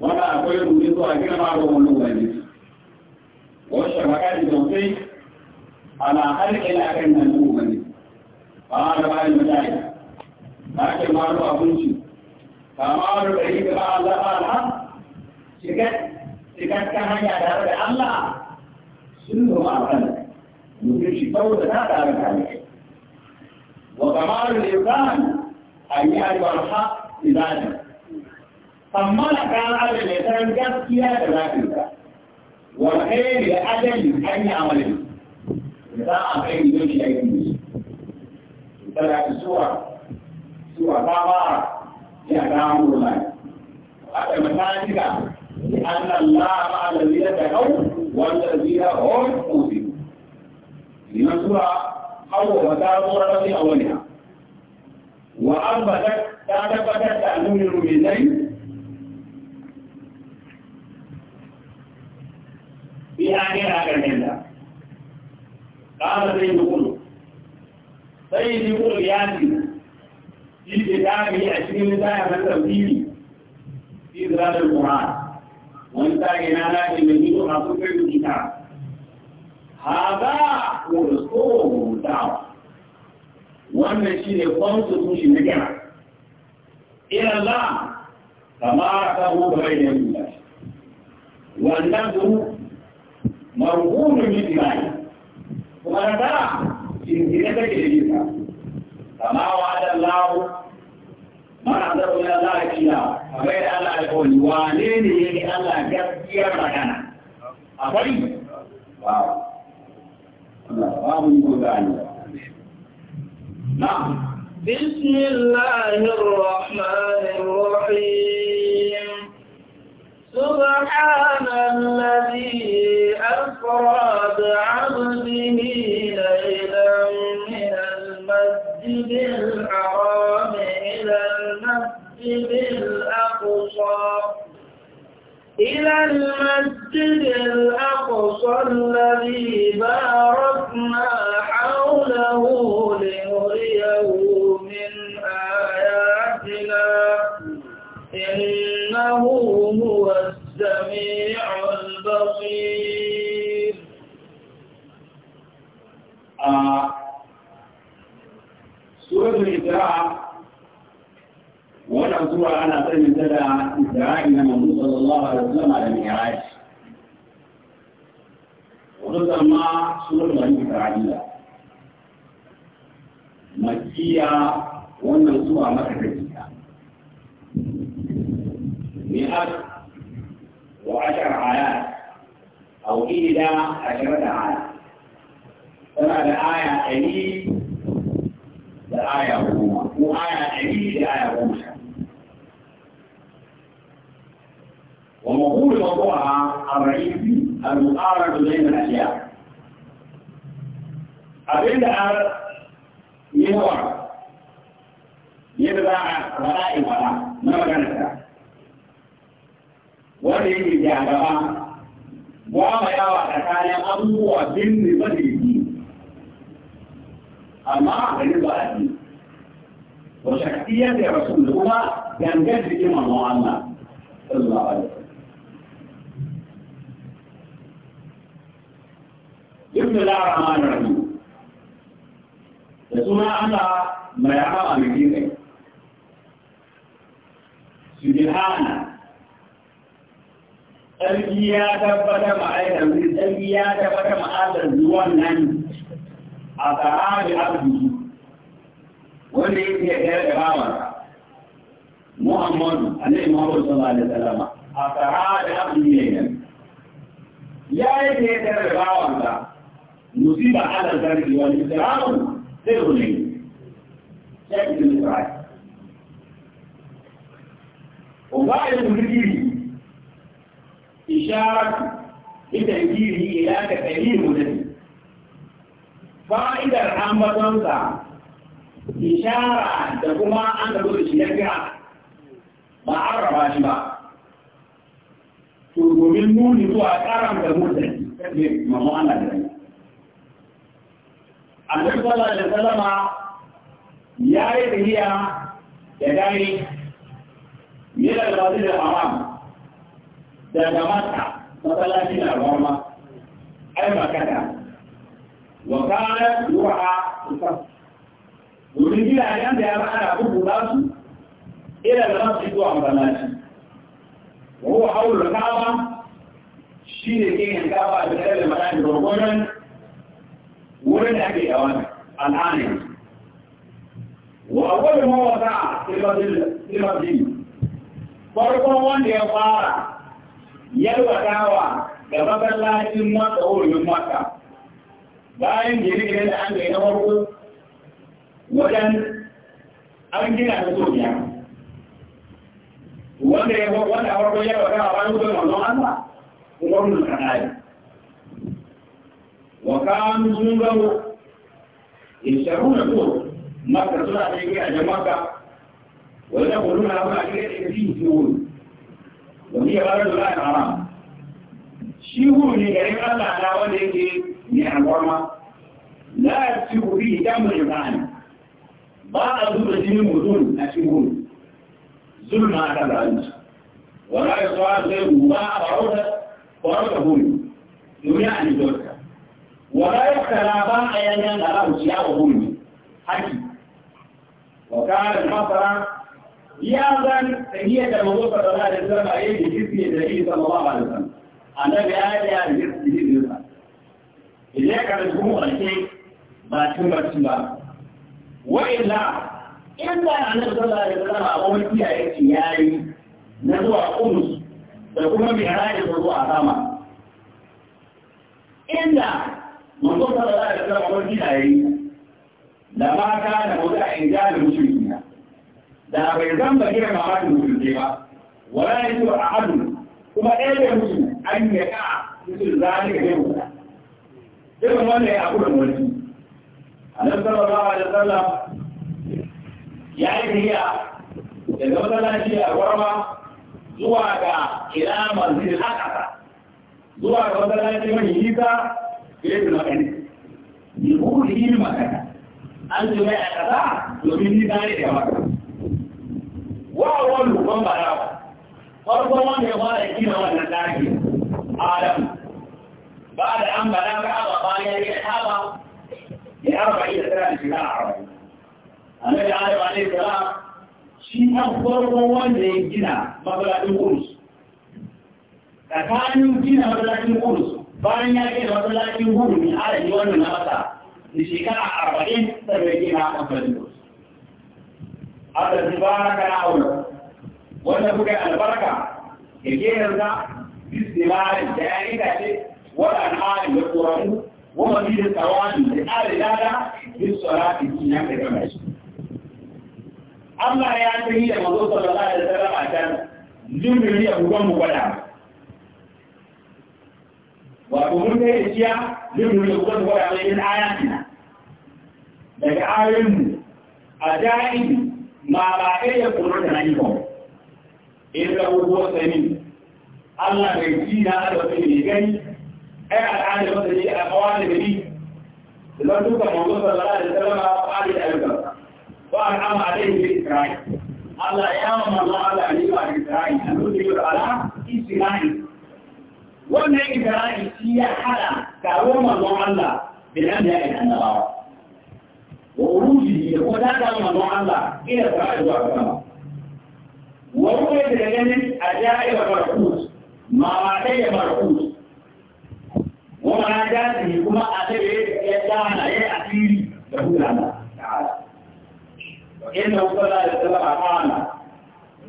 ولا أقول منذ أكل بعضهم نوبل والشبكات توصيف على خلق لكن نوبل قال بعض المشايخ لكن ما له أبنشي فما له بعيد بعض الله قال شكت شكت كهنيا دار الله سنه ما خلق ممكن شكوه تتعرف عليه وضمار الإنسان أي أيها الحق بذاته فما كان على الإنسان جسكيا بذاته والخير لأجل أن يعمله إذا أخير يجب أن يجب تلك السورة سورة تابارة هي كلام الله وهذا مساجد لأن الله مع الذين تقوا والذين هم موسلون لمن سورة أو وتعبر في أولها وأنبتت تعتبتت تأمون المؤمنين في آخر آخر الله قال سيد كله سيد كله ياتي في كتابه عشرين نتايا من تبديلي في ذلك القرآن وانتا جنانا في مجيء حصول في الكتاب هذا هو الصوم الدعوة وأن شيء قوس مش مجمع إلى الله فما تباركه بين الله والنبي مرغوب من الله وأنا ترى إنزلتك لجيسا كما وعد الله من أنظر إلى الله كلا فغير الله يقول وانيني الله كثير مكانا أفريد واو babu iko ga Allah na'am بسم الله الرحمن الرحيم سبحان الذي أسرى بعبده ليلا من المسجد الحرام إلى المسجد الأقصى إلى المسجد الأقصى الذي باركنا حوله لنريه من آياتنا إنه هو السميع البصير آه. سورة وانا اقول على اقول ان تدعى ادعائنا من صلى الله عليه وسلم على المعراج وقلت اما سورة الغريب فرعجية مجية وانا اقول ما تكتبها مئات وعشر آيات أو إلى عشرة آيات فما الآية تليل الآية هو وآية تليل الآية هو ومقول موضوعها الرئيسي المقارنة بين الأشياء أبدا ينوع يبدأ رأي ولا ما كانت وليه جاهبا وما يوى تكالي أبوه بن بديه أما غير بأدي وشكتية رسول الله كان جد في إمام الله صلى الله عليه بسم الله الرحمن الرحيم da suna Allah mai hawa mai gina subhana sarki ya tabbata ma'aikar sarki ya tabbata ma'adar zuwan nan a tsara da arziki wanda yake ya da bawa Muhammadu alaihi Muhammadu sallallahu alaihi wasallam a tsara da arziki ne ya yake ya da bawa المصيبة على ذلك والإسرار سر العلم شاكك الإسرائيل وقائد المدير إشارة بتنفيذه إلى كثير النبي فائده الحمد تنسى إشارة تقوم أن تقول الشيخ ما عرف عشبا تقول من نون يتوى كرم تقول ما هو أنا ذلك annabi sallallahu alaihi wasallama ya yi tafiya da dare yana da bazin da haram daga mata masallaci na rama ai makata wa kana yuha domin gidajen da ya ba ana bubuta su ila da nasu zuwa masallaci wa huwa haulul kaaba shi ne ke yin kaaba da kare da mata da gwamnati wurin da ake yawan al'ani wa wani mawata silabdin farkon wanda ya fara yalwatawa da matsalacin mata wurin mata bayan jirgin da an gaina warko wajen an gina da sojiya wanda ya wanda warko yalwatawa bayan wurin wannan Allah kuma wurin kanari وكانوا سنغوا يشترون الدور مكة سنة عليك أجل مكة ويقولون لهم عليك فيه سيول وهي بلد الله الحرام شيهون يقريب الله على وليك من الحرمة لا تسيب فيه دم الإبعان بعض الرجل مدون أسيبون ظلم هذا العنس ولا يصعد غيره ما أبعوده ورده دنيا عن الدور ولا يختلى بان أيضا على وشياء ظلمي حكي وكان المصر يأذن تهية الموضوع صلى الله عليه وسلم عليه بجسم النبي صلى الله عليه وسلم أنا بآية بجسم النبي إذا كان الجمهور الشيء ما تمر سواه وإلا إلا أن صلى الله عليه وسلم أقول فيها إتياري نزوع قمص da kuma mai rari da zuwa sama. Inda منظور صلى الله عليه وسلم عمر دين أي لما كان وضع إنجاز المشركين da bai zan ba gina mamakin musulunci ba wala ya zuwa a hadu kuma ɗaya da musu an yi ka musu zane ga yau da irin wannan ya abu da wani a nan sallallahu alaihi wasallam ya yi riya daga masallaci a warma zuwa ga ila manzil akasa zuwa ga masallaci mai nisa yake magana ni ko ni ne magana an zo mai a kaza domin ni gane da maka wa wani ban bara farkon wanda ya fara gina wannan daki adam ba da an bara ka aba bayan ya taba ya arba ila tara da shiga a arba annabi adam alaihi salam shi an farkon wanda ya gina mabalacin kurus tsakanin gina mabalacin kurus bayan ya gina masallacin gudu ne a rage wannan na masa da shekara arba'in saboda ya gina masallacin gudu. Allah zai baraka na aure wanda kuka albarka ya gina za bismillahi da ya rika ce wadan hali da tsoron wanda bi da tsawani da tsari lada bin tsorati shi ya kai gama shi. Allah ya tafi da mazo sallallahu alaihi wasallam a can zumbiri a gugan mu gwada وقومون ده يسيا لمن يقول هو عليه الآياتنا لك آيهم أجائب ما بعد يقولون عنهم إذا هو سمين Allah bai ji na da wata ne gani ai al'ada wata ne a kawai da ni da zan duka mawdu sallallahu alaihi wasallam a fadi da alƙa wa al'ama alaihi bi isra'i Allah ya mamma Allah alaihi wa isra'i an duka ala isra'i wannan ibrahim shi ya hada taron manzon Allah bil anbiya da annabawa wa uruji da kuma da manzon Allah ila fara zuwa sama wa ruwa da ganin ajai wa barkus ma ma dai da barkus wa ma da shi kuma a tare ya dana ya asiri da hulana ta'ala wa inna sallallahu alaihi wa sallam amana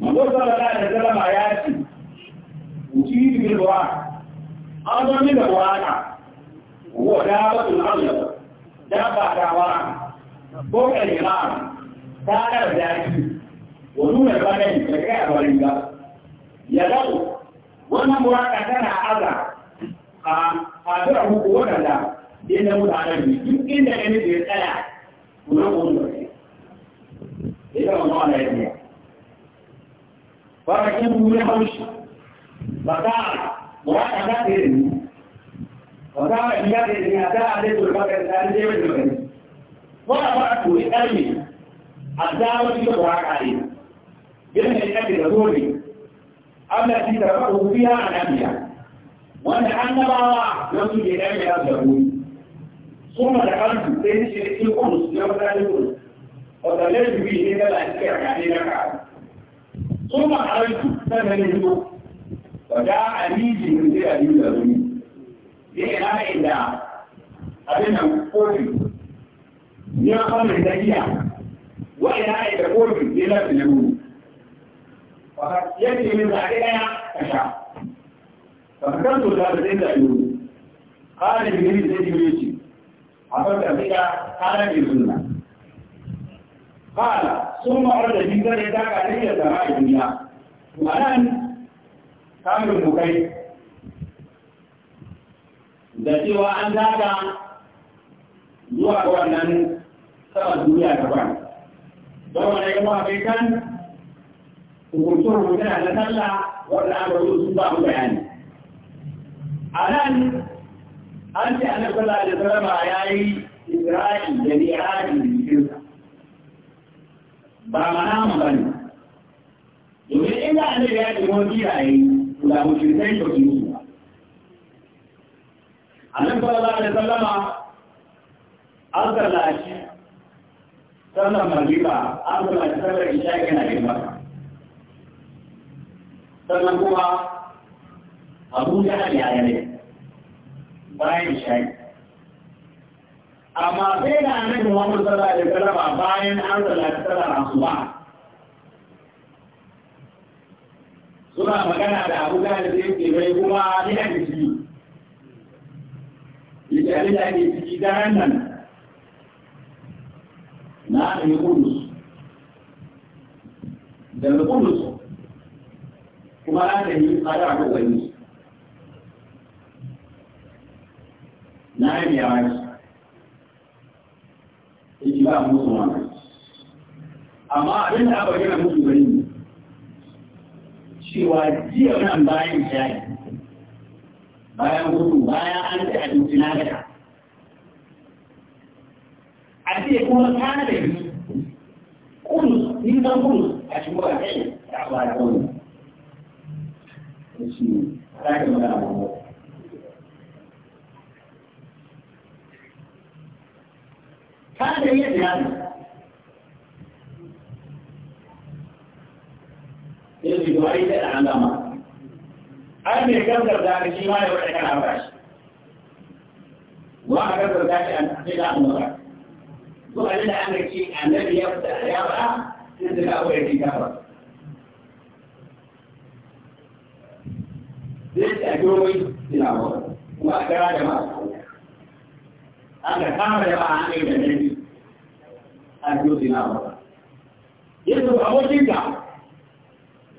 manzon sallallahu alaihi wa sallam ya ce uti bil wa'a azumin da waraka wa dabatun arziki dabba da waraka ko kalimar tarar zaki wa nuna bayan da kai a barin ga ya dawo wannan waraka tana aza a hadura muku wadanda inda mutanen ne duk inda ne ya tsaya kuma kuma ne ita wannan ana yi ne farakin mu ne haushi ba ta وأنا لا تدري وكان إياك إن أتى عليه البكر الآن جيب البكر وأنا بعد أرمي الدعوة في الوراق عليه بأن الأكل الرسولي التي تركه فيها الأنبياء وأن أنبا يمكن الأنبياء الرسول ثم ذكرت تنشئ القدس يوم القدس وتلبي به هذا الأشكال يعني لك ثم خرجت سنة الهدوء وجاء أميجي من ذي أبي لبني ذي أنا إلا أبنا قولي يا قوم الدنيا وإنا إذا قولي إلا بنمو فقد يجي من ذلك أشعر فكرت ذلك إلا يقول قال ابن زيد بن عبرت بك قال ابن سنة قال ثم عرض جدا لذاك عليه السماء الدنيا وأنا kamun bukai da cewa an daga zuwa ga wannan saman duniya ba don wani yawa kai kan hukuncin na sallah wanda an rabu sun ba mu bayani a nan an ce an sallah da sallama ya yi isra'i da ni'adi da jikinsa ba mana mu bane domin inda an ya yi wani yayi da mushrikai ba su musu ba annabi sallallahu alaihi wasallama an sallaci sallar magriba an sallaci sallar isha yana girma sannan kuma abu ya yaya ne bayan isha amma sai da annabi Muhammad sallallahu alaihi wasallama bayan an sallaci sallar asuba suna magana da abu da da yake bai kuma ni ake ciki yake abin da ake ciki daren nan na ɗaya kudus daga kudus kuma na da yi tsada ko wani na yi yawa ce yake ba musu wannan amma abin da aka gina musu wani ne cewa jiya nan bayan shayi bayan gudu bayan an ci abinci na gada a ce kuma kana da ni kun ni zan kun a cikin wa kai ta ba da wani shi ta ga magana ba kana da yadda ya يجب أن العلامة أن يكبر ذلك فيما يوحي كان عباش وأكبر ذلك أن تحصيل أمرك وأن أمرك الذي يفتح يرعى تنزل أول في كفر لسه أجوبي سلاوة وأكرا جماعة أنا كامل جماعة عن إيجابي أجوبي سلاوة يجب أن أجوبي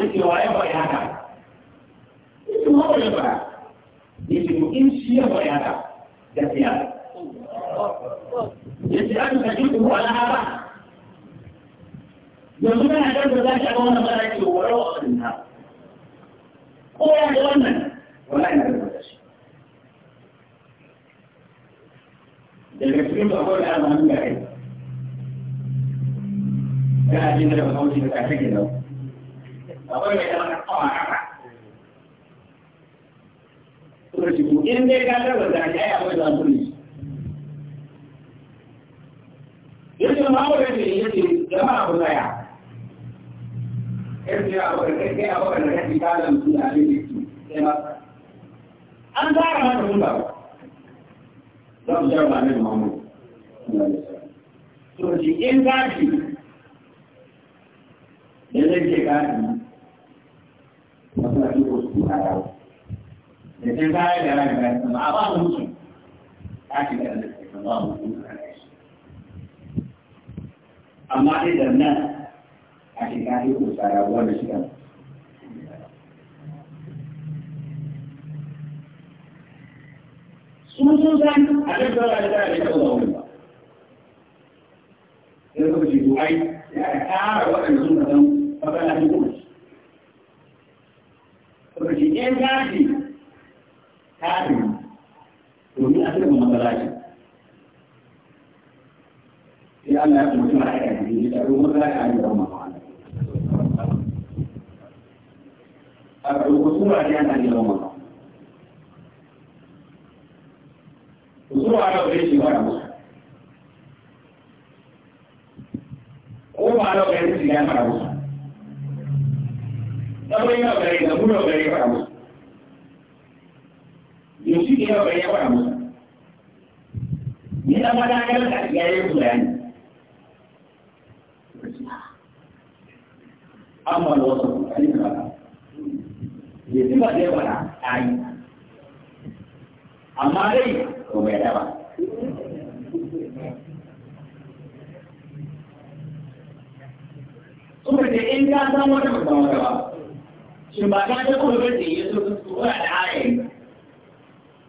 yake wa ya faɗi haka yake ma ya faɗa yake to in shi ya faɗi haka gaskiya yake an ka ji ku ala haka yanzu kana da za ka ga wannan mara yake walau a kanna ko ya ga wannan wallahi na da shi daga cikin babbar da alamun gare ga ajin da ba kawai da ka take da in dai ka tarwa da ya yi akwai da kuri yadda ma wa yadda ya ce gama abu zaya yadda ya abu da kai abu da kai ka da mutum da abin da ke masa an tsara mata mun ba za mu jarba ne da mamu to shi in ka ci da zai ce ka ta dawo da sai baya da rana da sama a ba mutum ta ce da Allah ta ba mutum amma dai da nan a ce ta yi kusa da wanda shi kan sun sun san a duk da wani da ya kawo wani ba sai suka ce to ai ya kara waɗanda sun kasan fasala ta kuma ya gashi kafin domin a cikin matsalaci sai Allah ya kuma cin ra'ayi a cikin ya ɗaro matsalaci a cikin rama a ɗauko sura ne a cikin rama sura da wani shi ba da musu ko ba da wani shi ya fara musu ɗauko yana gare da mu da gare fara musu yaushe ne ya bari ya fara musu ni da ma da ga da ya yi bayani amma da wasu kai ka ya ji ba da ya fara ai amma dai ko bai da ba kuma da in ka san wata ba ba shi ba ka ta kuma bai da yaso su da ayi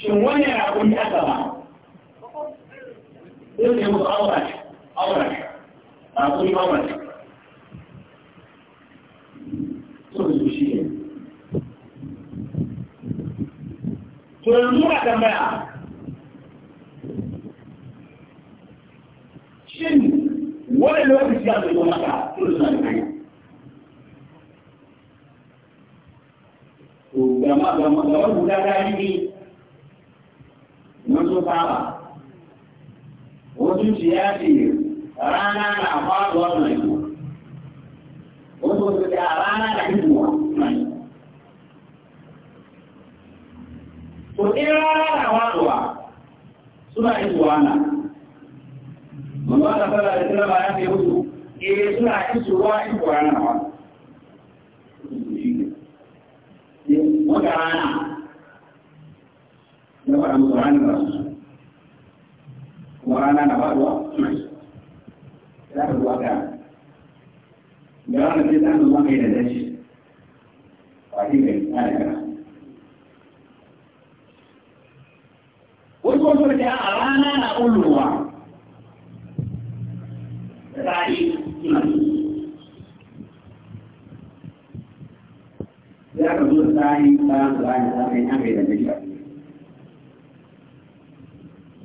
shin wani raƙumi aka ba sai ne musu aura shi aura shi raƙumi aura shi so da shi ne to yanzu na tambaya shin wani lokaci ya zai maka to da zai to gama gama gama guda rani ne mun saba wasu su ya rana na faruwa mai wasu su ya rana na hikuwa mai to in rana na faruwa suna hikuwa na mamma da fara da ya ce musu na suna hikuwa hikuwa na faruwa na faɗa musu ranar ba su kuma rana na faɗuwa za ka zuwa ka da ranar sai ta zuwa kai da dace ba ke gari ana gara wasu wasu da a rana na ƙulluwa da tsari ya ka zo da tsari tsarin tsarin tsarin an kai da dace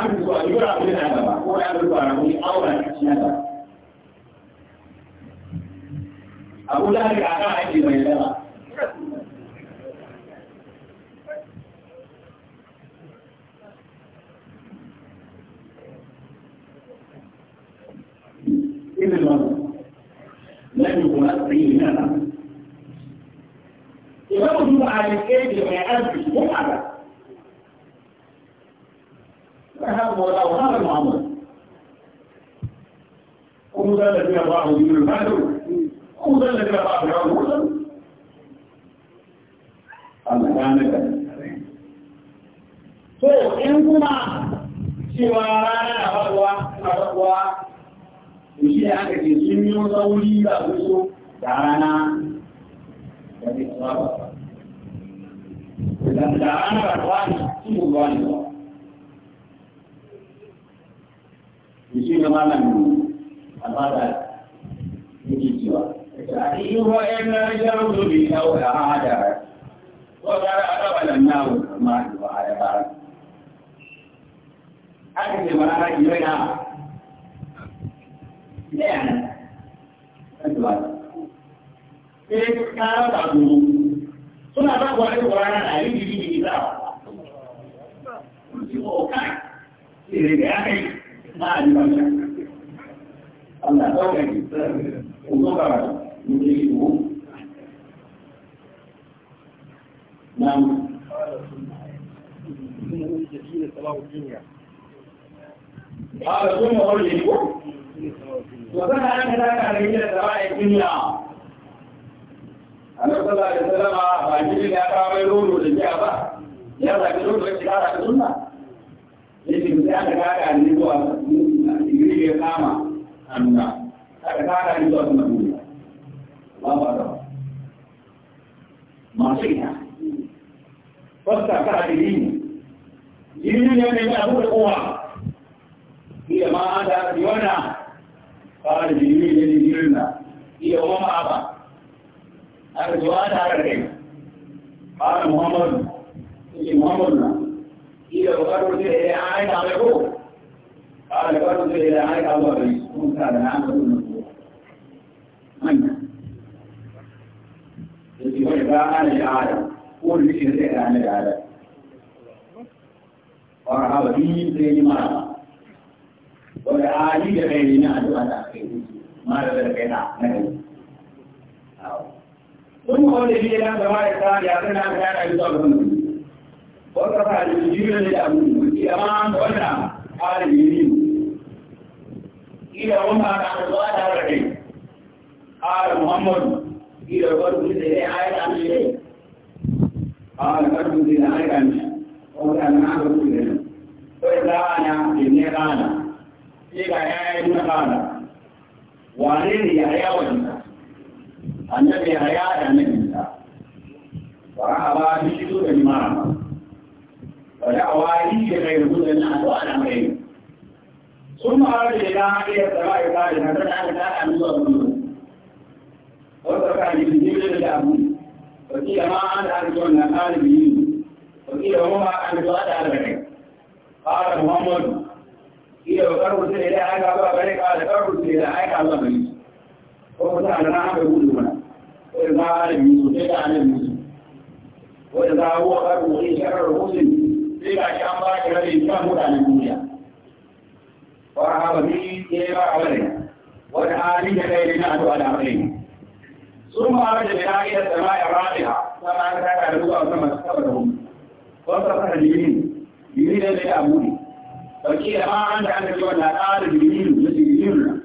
an zuwa yura abin na gaba ko ya zuwa rauni aura ta ci gaba abu da haka aka ake mai gaba إذن الله لم يكن أصيب لنا إمام الجمعة الكاتب ما يعرفش مو هذا ولا وهذا المعاملة وهو ذا الذين باعوا دين المال وهو ذا الذين باعوا فرعون وهو أما كان to in kuma cewa rana na faɗuwa na faɗuwa to shi ne aka ce sun yi sauri ba su so da rana da ke tsawa da rana ba ta wani sun ba ne ba Isi kemana ini? Apa dah? Isi jiwa. Sa'iyu wa'inna jauh di awal ada. Wadar ada ada jiwa ini. Dan. Tentuan. Jadi sekarang tak di sini. Tidak. Tidak. Tidak. Tidak. Tidak. Tidak. Tidak. Tidak. Tidak. Tidak. Tidak. Tidak. Tidak. na a riba shi Allah ɗauka ki ku zo ga mu je ki ku na mu قال ثم أولئك وكان أنك ذاك على مجال سواء الدنيا annabi sallallahu alaihi wasallam ba gidi da ka mai rodo da jiya ba ya zaki rodo da kira da sunna yake da aka ga ga ni ko ya kama hannu kada kara ni zuwa kuma duniya ba ba da masu ina wasta kara da yini yini ne mai abu da kowa iya ma an da yana kara da yini ne ne jirin na iya kuma ma ba a da zuwa da haka kai kara muhammadu ne muhammadu na iya bukatar da ya aina mai kowa قال فرد إلى عليك الله رئيس كنت هذا العام وكل من يقول إذا أنا شعارة قول لك إذا أنا شعارة ورحب بي بين مرة والعالي بغيرنا أدوات أخير ما لدركنا نجد نعم. ثم قول لي لأن دواء الثاني أخيرنا كان يطلب منه وقفت على الجيل للأبوه الإمام ولا قال اليمين إلى وما نحن الله رجيم قال محمد إلى قلب إلى آية عن شيء قال قلب إلى آية عن شيء وكان نعبد إلى وإذا أنا إني قال إلى آية إني قال وعليه يحيى وجهه النبي يحيى النبي ورأى بشدود المرأة ودعوى لي غير هدى أدوان أمرين ثم أرد إلى عقية السماء قال نزل على ذات أن يؤمنون وترك عن ابن جبريل لأبوه وقيل ما عاد عن جوانا قال بيين وقيل وما عن جوانا على بكر قال محمد قيل وقرب إلى عيك الله بني قال قرب إلى عيك الله بني وقلت على نعم يقول هنا وإذا عالم يوسف إلى عالم يوسف وإذا هو قرب إلى شر الحسن إلى شام باكر الإنسان هدى للدنيا فرحب به إلى أولنا والعالي لدينا أدو على أمرين ثم أرد بنا إلى السماء الرابعة كما أنتك أدوها كما استقبلهم وصفت جبريل جبريل إلى أبوه فكيل ما أنت أنت جوانا قال جبريل مثل جبريلنا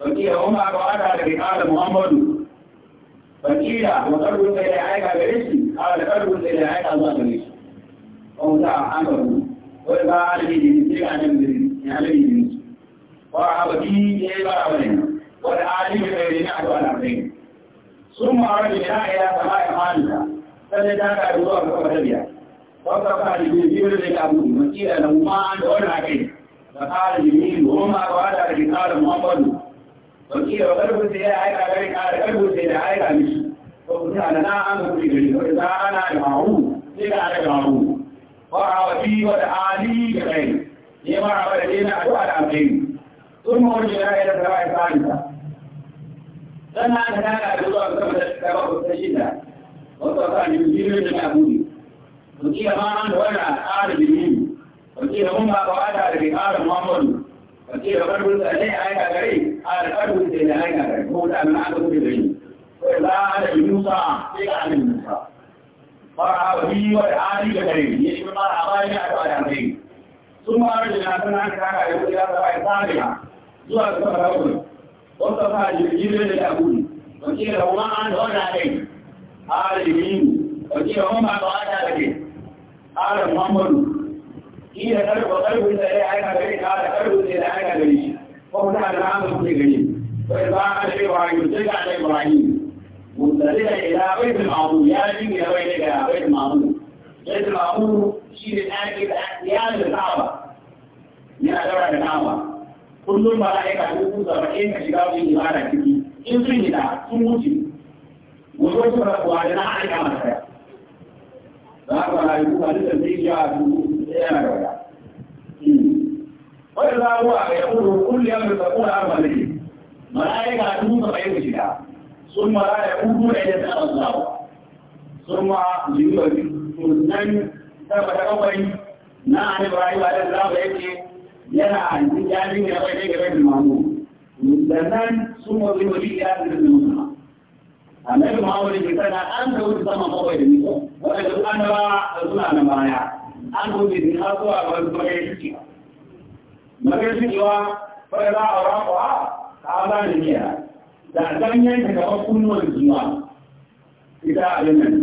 فكيل وما أدوأتها لك قال محمد فكيل وقلبك إلى عيك برسل قال قلبك إلى عيك الله برسل وهو عنه ويبقى عليه جبريل عن يعني وعبدي إلى أمرين والعالم بين نحو الأمرين ثم رجع إلى سماء خالدة فلذاك يدور فقدريا وقف لجبريل لأبوه وقيل له ما ثم رجعنا إلى سواء الثالثة لما أنهانا بالله كما تشكره السيدة وطفا يجير من أبوه وكي ما أن ولا آل بمين وكي هما وعلى رجال محمد وكي قلب الأشياء أين غريب آل قلب الأشياء أين غريب هو الأمن عنده في الغريب وإلا على موسى في عالم موسى فرعى به والعالي بغريب يشمل ما أغاني على الغريب ثم رجعنا سنعك على يقول يا سواء الثالثة zuwa ga fara'un wanda fa jirgin da abun wakila kuma an zauna dai alimin wakila kuma ba ta da ke ala muhammadu shi da karfa karfin da ya aika gari ka da karfin da ya aika gari shi ko kuma da amma ku ne gari wai ba a ce wa yi sai ka da ibrahim mutsalila ila baitul ma'mur ya ji ne bai daga baitul ma'mur baitul ma'mur shi ne ɗaki da ya da ka'aba yana da ka'aba kullum ba a aika dubu saba'in ka shiga su yi ibada ciki in sun yi da sun wuce wajen su rasuwa da na aika masu kaya za a ba rayu ba duk da zai shi a dubu yana da wata. Hmm. wanda za a ruwa ga yankuru kullum ya mai sakon a arba lake mala'aika dubu saba'in ka shiga sun mara da kudu da yadda ta zuwa sun ma jiriwa sun nan tabbata kawai na a annabi rayuwa da zaba yake yana jari ya bai da bai mamu sannan sun wani wani ya da nuna annabi muhammad bin sana an da wuce sama bakwai da nisa wanda duk an ba suna na baya an wuce din har zuwa wani bakai shi magar shi wa fara a rafa ka ba ni niya da ganyen ta gaba kunnuwar jiwa ita abin nan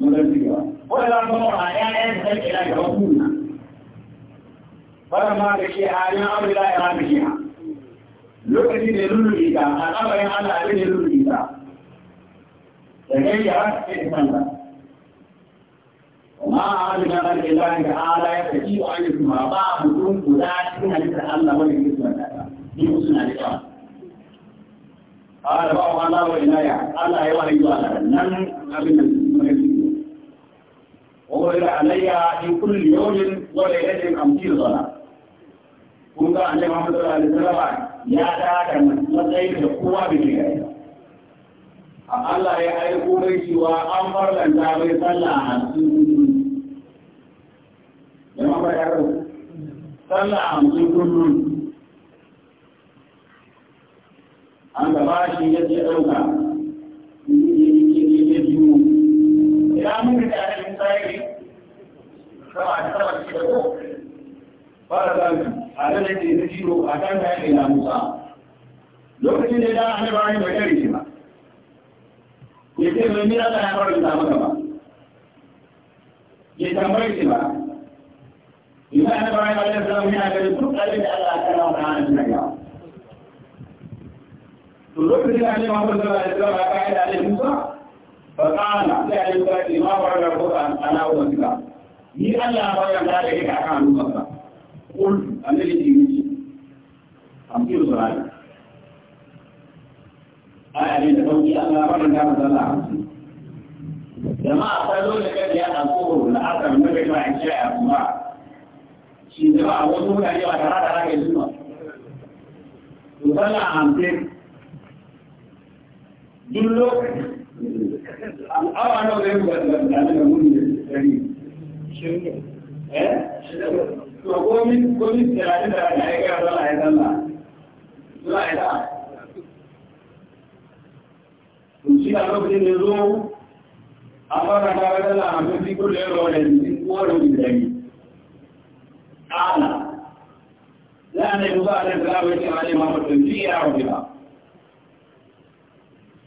magar shi wa wanda za ka mawa ya ya ta kai ila gaba kunna فلما بشيها من أمر لا إرام بشيها لوكتي للولو إيتا الأمر على أبن للولو إيتا تغيرت إحسانا وما عملنا من الله تعالى يستطيع أن يسمع بعضكم وذات من حديث الله ولم يسمع بمسنا لكم قال بعض الله وإنايا الله يوحي الله لن أبن المغرب وهو علي في كل يوم وليلة خمسين صلاة kun ga annabi Muhammad sallallahu alaihi wasallam ya daga matsayin da kowa bai kai gare a Allah ya aiko mai cewa an farlanta mai sallah a cikin jama'a ba ya rabu sallah a cikin kullun an gaba shi ya ce dauka ya mun da ya yi tsari kawai ta ba shi da ko ba da zalunci a nan da ya ciro a kan da ya na musa lokacin da ya dana annabi bayan bai kare shi ba ya ce mai mira da ya fara da maka ba ya tambaye shi ba ina annabi bayan bai da mu yana gari duk abin da Allah kana wa kana shi ga to lokacin da annabi Muhammad sallallahu alaihi wasallam ya kai da annabi Musa fa na, sai annabi yi ya ce ma fara da ko ana wannan ni Allah ya bayar da kake akan Musa قل annabi a yake amma yau zai aya ne da sauki Allah ba da matsala jama'a ta zo da kai ya dauko na aka mun kuma a shi ya kuma shi da a wani mutane ba tara da rage su to sallah hamsin duk lokacin awa nawa zai ba da da mun da dari eh to komin komin tsirani da rana ya gara zala ya zalla zala ya da to shi a lokacin da zo a fara da rana da hamsin fi kulle yaro da jikin kowar wani gari ala za a nai musa alai salamu yake alai mahaifin fi ya rabu ba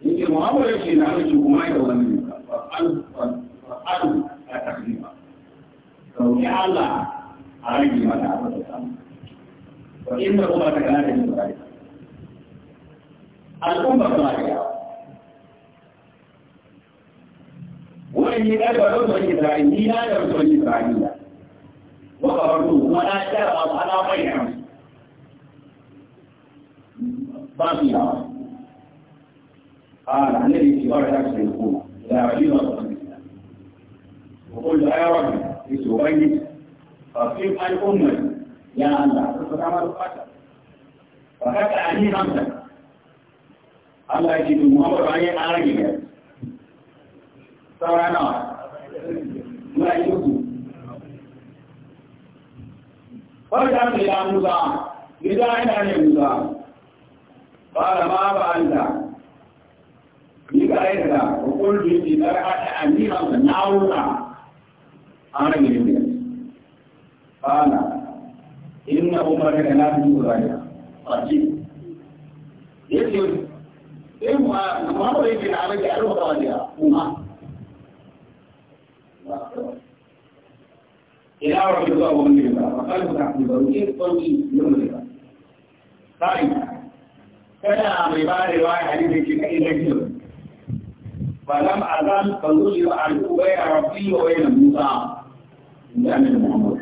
yake muhammadu yake na rikin kuma ya wani fa'adu a takriba. Sauki Allah عالم ما تعبد وإن أمة كانت من ذلك الأمة الراجعة وإني لا يرد الإسرائيلي لا يرد الإسرائيلي وقررته ولا ترى على غيرهم باطلا قال الذي في غرفة الحكومة لا عجيب وقلت يا رب يسوع أصرف عن أمي يا الله أصرف عن أمي فحتى عني حمدا الله يجيب المؤمر عليه عاجلا سواء نار ما يجوز فرجع إلى موسى إذا أنا موسى قال ما فعلت بك وقلت إذا رأت أميرا ناولا أنا من قال إن عمر كان يقول ذلك رجيم يجب إما ما يمكن على جعله راجعا وما إلى رب الله ومن الله وقال تعالى بروكين قوي يوم الله طيب كان عمري رواية حديث كنا إلى جل فلم أزل فضل يعرف بين ربي وبين موسى من محمد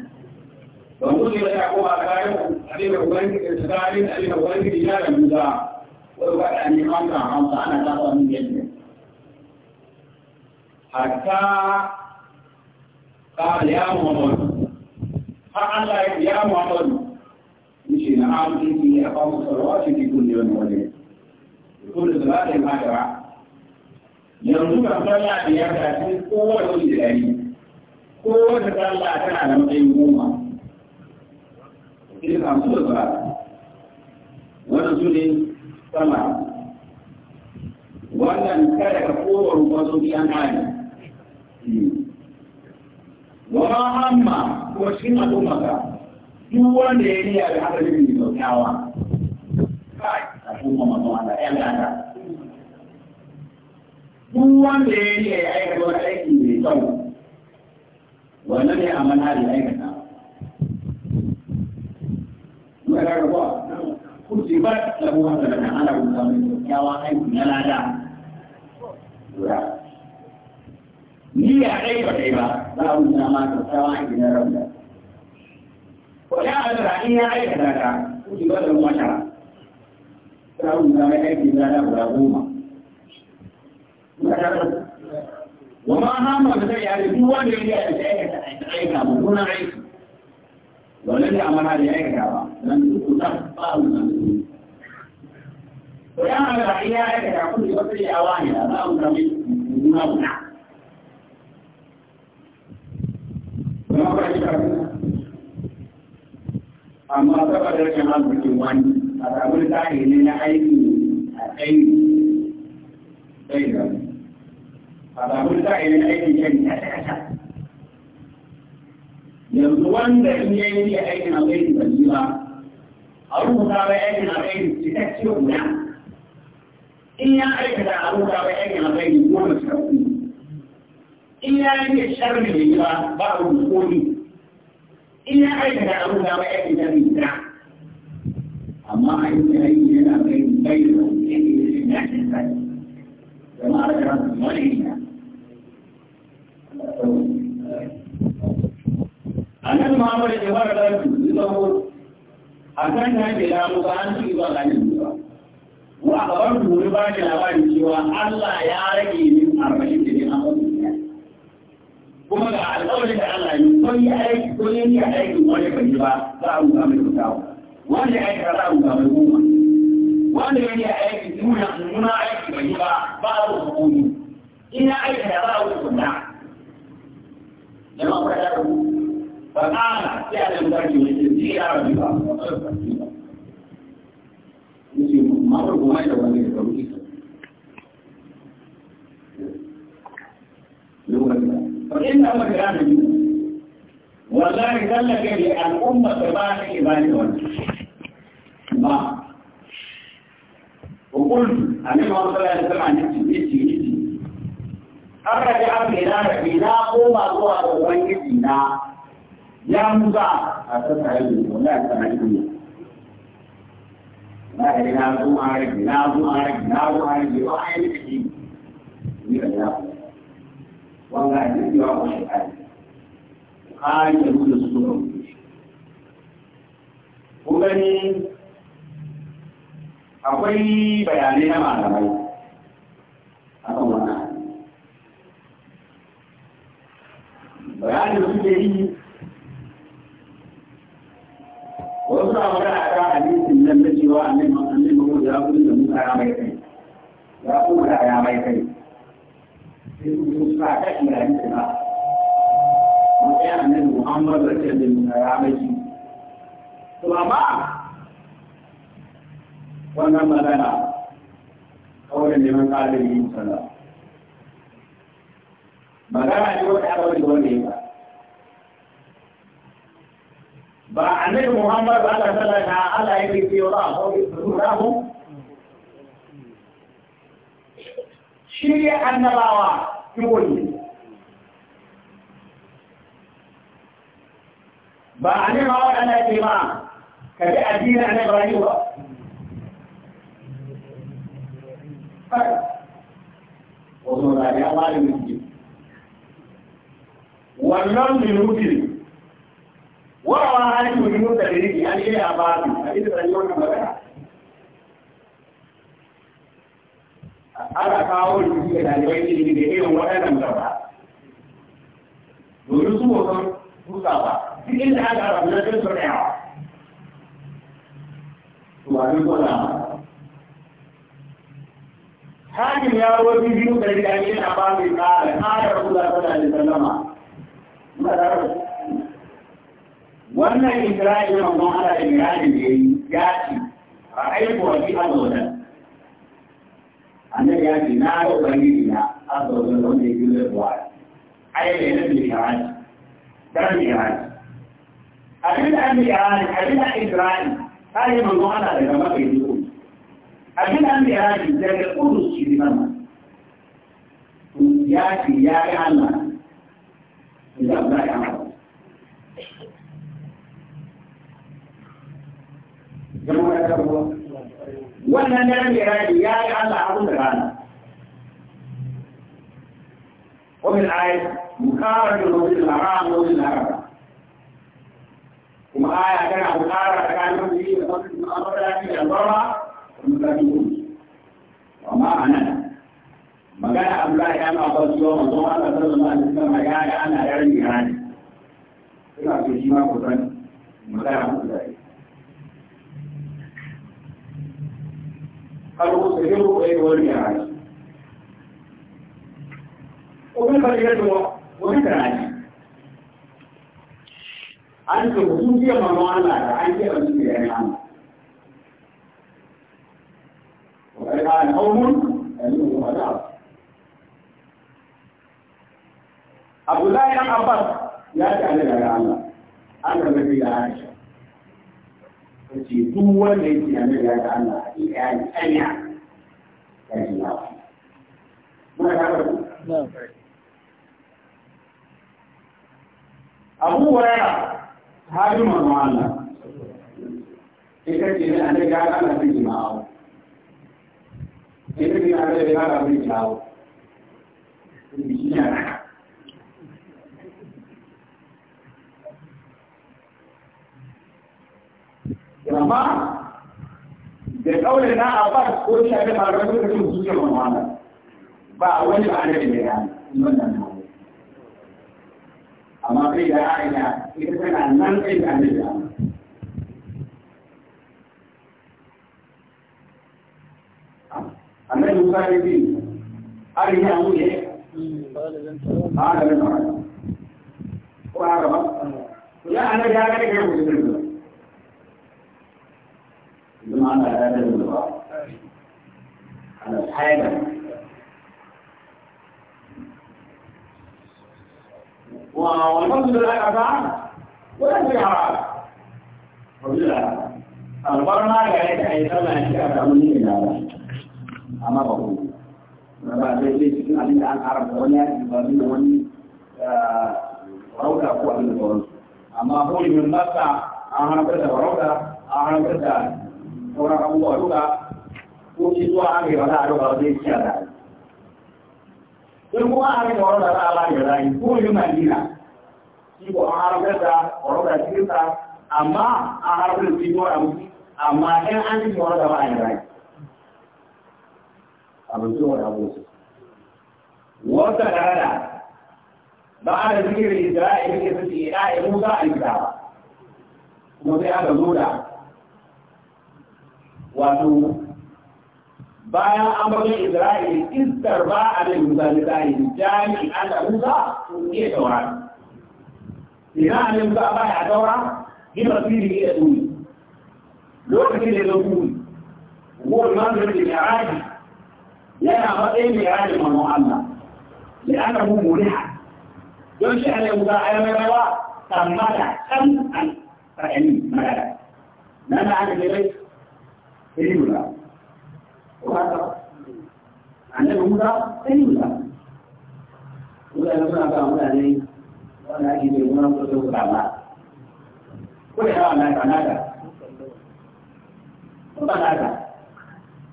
فمن لا يقوى أكايم أليم أولئك إسرائيل أليم أولئك إيالا موسى ويقول أن خمسة خمسة أنا تقوى من جنة حتى قال يا محمد فقال يا محمد مشينا نعم في أقام الصلوات في كل يوم وليلة كل صلاة ما جرى yanzu kan sallah da ya tafi kowane wani da dari kowace sallah tana da matsayin goma irin masu da ba wannan su ne sama wannan kada ka kowa ruwa biyan hali hmm. wa amma ko cikin al'ummaka duk wanda ya riya da haka da mai kyautawa kai al'umma masu Allah wanda ya ya aikata mai wannan ne aikata suna rarraba kurji ba da buwa da nan ana rubuta mai kyakkyawan aiki na lada ni ya dai ba dai ba za a rubuta ma kyakkyawan aiki na rabuta ko ya azra in ya aikata ka kurji ba da buwa tara za a rubuta mai aiki na lada guda goma وما هم بزي يعني دي وانا اللي قاعد شايف عايز ابو هنا عايز ولم يعمل هذه أي كتابة لم يكن تخطأ من ويعمل رحية أي كتابة كل بطل أواني لا أمر من هنا amma saboda rashin arzikin wani a samun tsari ne na aiki a tsayi tsayi da a samun tsari ne na aiki kyan wanda in ya yi aikin alkhairi ba yi ba a rubuta bai aikin alkhairi cikakke guda in ya aikata a rubuta bai aikin alkhairi goma cikakku in ya yi sharri da yi ba ba a rubuta komi in ya aikata a rubuta bai aikin sharri guda amma a yi ya yi yana kai bai da wani yake da shi na shi jama'a da ranar wani ne na annabi Muhammad ya fara da zuwa akan ta ke da ba an ci zuwa ga nan zuwa wa akabar duri ba da labarin cewa Allah ya rage min arba'in da ne a wannan kuma ga alƙawarin da Allah ya ko yi aiki ko yi aiki wani bai ba za a rubuta mai mutawa wanda ya aika za a rubuta mai goma wanda ya yi aiki nuna nuna aiki bai ba ba a rubuta komi ina aika za a rubuta jama'a ba da فقال يا لم تجد يا رب مرة ما يتولى فإن أمر كان والله ذلك الأمة تبعني إباني ما وقلت أنا ما أقول لك سمع نفسي نفسي نفسي أرجع إلى ربي لا قوم أدوار وأنجزنا يا موسى أتسعى لي ولا أتسعى لي لا هي نازو أعرف نازو أعرف نازو أعرف وأعرف كثير من الناس والله يجب أن أشهد قال يقول السورة ومن akwai bayanai na malamai a kan wannan bayanin su ke yi suna magana a kan hadisin nan na cewa annabi annabi Muhammad ya kudi da Musa ya mai kai ya kuma ya mai kai sai su Musa ta kira ni kuma mutum annabi Muhammad rasul da Musa ya mai shi to amma wannan magana kawai neman kalin yin sallah magana ne wanda ya kawai da wanda ya annabi Muhammad Allah sallallahu alaihi wa sallam yake cewa Allah shi annabawa dole ba a nema waɗanda ke ma ka ji addini na Ibrahim ba. Wasu na da ya ba da mutu. Wannan minuti وروى هذه المتدرج عن شيء أبابي حديث رجل مبارك ana kawo da suke dalibai ne da irin waɗannan gaba domin su hoton rusa ba duk inda aka rabu na kan sauya wa tuwanin kwana hakim ya ruwa biyu da gida ne na ba mai tsara tsara rusa tana da sallama muna da rusa wannan ikirari na wannan ala ikirari ne ya ce a aiko wa fi azoda annabi ya ce na ga ubangiji na azoda wanda ya gina ruwa ai da yana bi karaji dan bi karaji abin da an bi karaji abin da ikirari sai manzo ala daga mafi duku abin da an bi karaji daga kudu shi sama ya ce ya ga Allah idan ba ya zama ya karuwa wannan na rami rami ya yi Allah abin da rana ومن آية مقارنة الوجه الحرام والوجه الحرام kuma aya tana bukara tsakanin wani da wasu ma'amala ne da zama da mutane amma a nan magana abu da ya ma ba su yawan zuwa da sallama da suka ma ya ga ana yaran ne hali suna so shi ma kusan magana mutu da المسلمين والمعاني ومن فريقه ومن تعاني أنت خصوصية من معنى أنت أمسكي يعني عنه وقال كان قوم أنه مدعب أبو الله يعني أبط يأتي عنه يا الله أنت مدعب يا عائشة ce duk wanda ya ce annabi ya ga Allah hakika ya tsanya ya ji lafiya muna da abu waya hajji manu Allah ita ce ne annabi ya ga Allah zai jima'a ita ce annabi ya ga Allah zai jima'a amma da kaurin na abbas ko shafi malamai suka ce su ce mamana ba wani ba annabi ne ya wannan amma kai da aisha ita tana nan kai da annabi ya annabi musa ya ce ari ya mu ne ba da nan ba ko haka ba ya annabi ya ga kai mutum بمعنى هذا النظام على الحاجة والحمد لله أفعال ولا في عرب الحمد لله أخبرنا كأيك أيضا أن تأمني إلى أما بقول بعد ذلك أن الآن عرب ونيا يبغون وني روضة قوة من الأرض أما هو من مكة أهنا بس روضة أهنا بس sauran abubuwa duka ko ci zuwa arewa za a duka zai ci a rayu. Sai kuma a rika wanda za a bani rayu ko yi Madina shi ko an haramar da warauta cikinsa amma an haramar da cikin wani amma ɗan an ci warauta ba a yi rayu. Abin zuwa da abubuwa. Wata rana بعد ذكر الإسرائيل في إيلاء موسى الكتاب وفي هذا الأولى wato bayan an bakin Isra'il istar ba a da Musa da Zahiri jami an da Musa sun iya taura. Ina a da Musa ba ya taura gina fili ya tuni. Lokacin da ya tuni, gowar manzar da ya raji yana matsayin da ya raji manon Allah. Da ana mu muriha. Don shi a da Musa a yi mai rawa, amma da can an tsakani magana. Nan da aka ne سليمنا وهذا عن موسى سليمنا ولا يسمع كلام ثاني ولا يجي يقول أنا أقول لك لا كل حاجة أنا أنا ثم أنا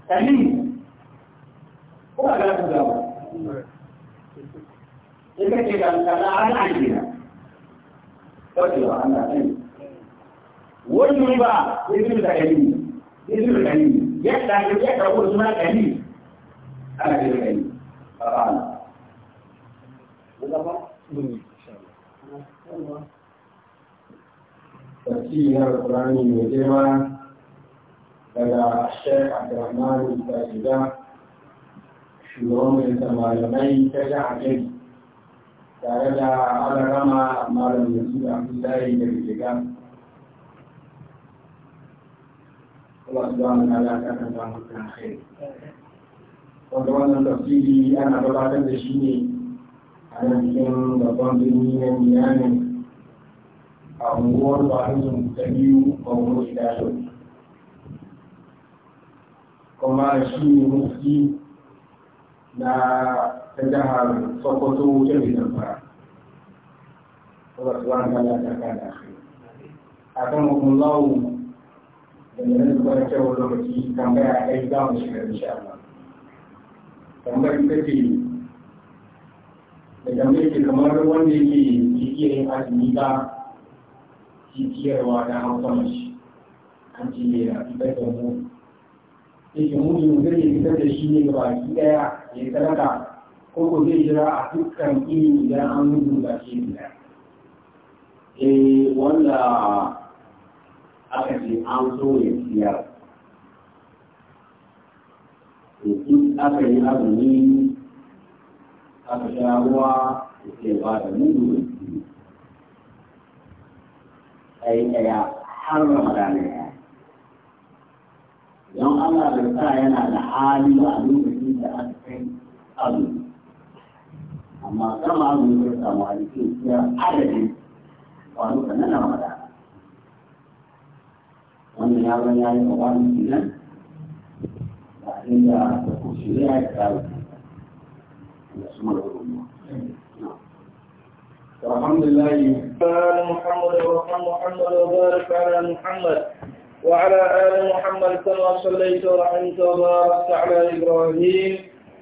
تميم هو لا تجاوب إذا كان كان على عيننا تجاوب أنا تميم والمبا يجب تكلمه اسم العليم يفتح يقول اسم الكريم أنا في العليم فقال تفسير القرآن المجمع لدى الشيخ عبد الرحمن الفائدة شلون التمالمين تجع جدي تعالى على رمى مال المسيح عبد الله بن Allah subhanahu wa ta'ala ya kan samu kan khairi wanda wannan tafsiri ana gabatar da shi ne a nan cikin babban birni na Miami a unguwar Bahrain ta biyu a wurin Idalo kuma shi ne mufti na ta jihar Sokoto ta Zamfara Allah subhanahu wa ta'ala ya kan da khairi akan domin kuma kyau lokaci tambaya ɗaya za mu shiga insha Allah tambayar ita ce da tambayar ke kamar wanda yake iya yin azumi ba jikiyarwa na hausa mashi an ce na fitar da mu yake mutum zai fitar da shi ne gaba ki ɗaya ya sadaka ko ko zai jira a dukkan ilimin idan an mutu ba shi ne eh, wanda aka ce an so ya siyar to in aka yi azumi aka sha ruwa da ke ba da mudu da su ɗaya ɗaya har ramadana ya don Allah bai sa yana da hali ba a lokacin da aka kai azumi amma kama azumi bai samu hali ke siyar adadin kwanuka na ramadana wannan yaron ya yi ƙwaƙwarin kenan الحمد لله على محمد وارحم محمد وبارك على محمد وعلى آل محمد كما صليت ورحمت وباركت على إبراهيم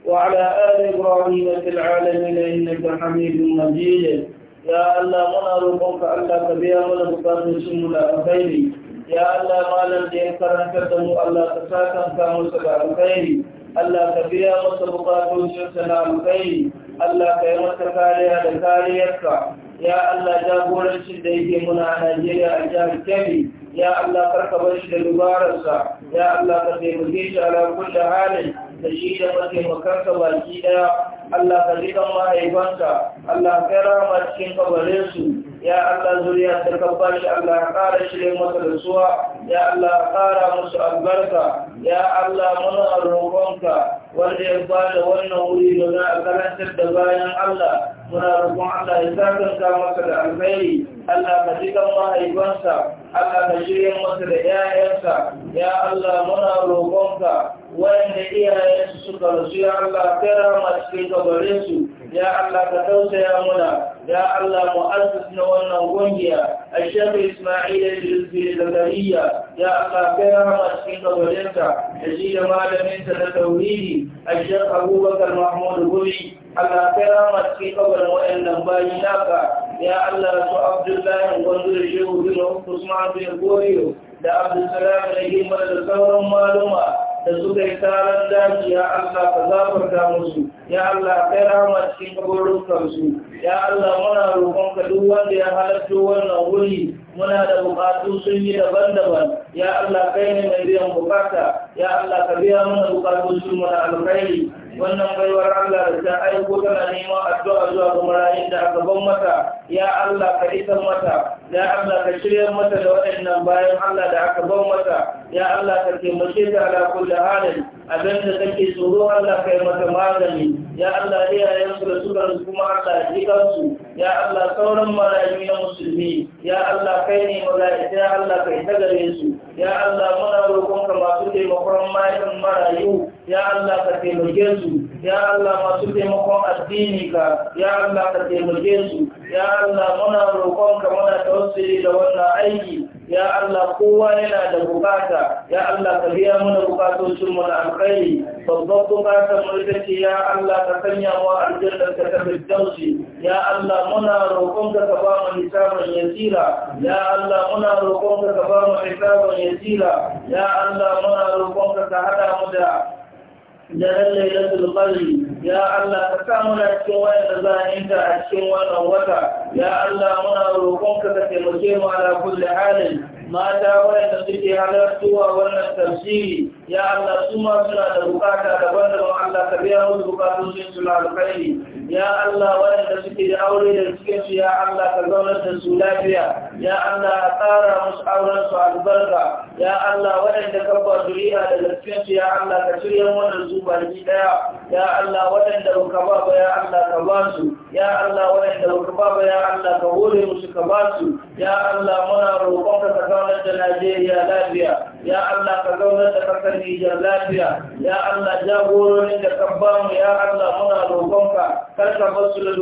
وعلى آل إبراهيم في العالمين إنك حميد مجيد يا الله منا ربك الله كبير من بكاتهم لا أخيري ya Allah malam da ya karantar da mu Allah ka sakan samu su da alkhairi Allah ta biya masa bukatunsa na alkhairi Allah ka yi masa kariya da kariyarka ya Allah jagorancin da yake muna a Najeriya a jihar Kebbi ya Allah karka bar shi da dubararsa ya Allah ka taimake shi ala kulli halin da shi da mataimakanka baki daya Allah ka ji kan mahaifanka Allah ka rama cikin kabarinsu ya Allah zuriya sarkafa shi Allah ƙara shirin masa da suwa ya Allah ƙara musu albarka ya Allah mun roƙonka wanda ya bada wannan wuri da za a karantar da bayan Allah muna roƙon Allah ya sakanta masa da alkhairi Allah ka ji mahaifansa Allah ka shirya masa da 'ya'yansa ya Allah muna roƙonka wanda iyayensu suka rasu ya Allah kai rama cikin kabarinsu ya Allah ka tausaya muna ya Allah mu'assis na wannan kungiya Ashab Isma'il al-Jizbi Zakariya ya Allah kai rahama cikin gabarinka da shi da malamin na na tauhidi Ashab Abubakar Mahmud Gumi Allah kai rahama cikin gabarin wayannan bayi naka ya Allah su Abdullahi Gwandu da Shehu bin Usman bin Goriyo da Abdulsalam da Himar da sauran maluma da suka yi taron daji ya Allah ka zafarta musu ya Allah kai rahama cikin kaburin kansu ya Allah muna roƙon ka duk wanda ya halarta wannan wuri muna da bukatu sun yi daban-daban ya Allah kai ne mai biyan bukata ya Allah ka biya mana bukatu su muna alkhairi wannan baiwar Allah da ta aiko tana neman addu'a zuwa ga marayin da aka ban mata ya Allah ka isa mata ya Allah ka shirya mata da waɗannan bayan Allah da aka ban mata ya Allah ka taimake ta ala kulli halin abin da kake tsoro Allah kai maka magani ya Allah iya su da kuma Allah jikan ya Allah sauran marayu na musulmi ya Allah kai ne mala'ika ya Allah kai ta gare su ya Allah muna roƙon ka masu taimakon mayan marayu ya Allah ka taimake su ya Allah masu taimakon addini ka ya Allah ka taimake su ya Allah muna roƙon ka muna da wannan aiki ya Allah kowa yana da bukata ya Allah ka biya mana bukatocin mu na alkhairi babban bukata mu ita ce ya Allah ka sanya mu aljanna ka ta firdausi ya Allah muna roƙon ka ba mu hisaban yasira ya Allah muna roƙon ka ba mu hisaban yasira ya Allah muna roƙon ka ka hada mu da daren lailatul qadr ya Allah ka sa muna cikin wayar da za a cikin wannan wata ya Allah muna rokon ka taimake mu ala kulli halin mata wadanda suke halartuwa wannan tafsiri ya Allah su ma suna da bukata daban-daban Allah ka biya musu bukatun sun suna alkhairi ya Allah wadanda suke da aure da cikin su ya Allah ka zauna da su lafiya ya Allah ka tsara musu auren su albarka ya Allah waɗanda ka ba zuriya daga cikin su ya Allah ka shirya wannan su baki daya ya Allah waɗanda ka ba ba ya Allah ka ba su ya Allah waɗanda ka ba ba ya Allah ka hore musu ka ba su ya Allah muna roƙon ka ka zaunar da Najeriya lafiya ya Allah ka zaunar da ƙasar Nijar lafiya ya Allah jagororin da ka ba mu ya Allah muna roƙonka kar ka bar su da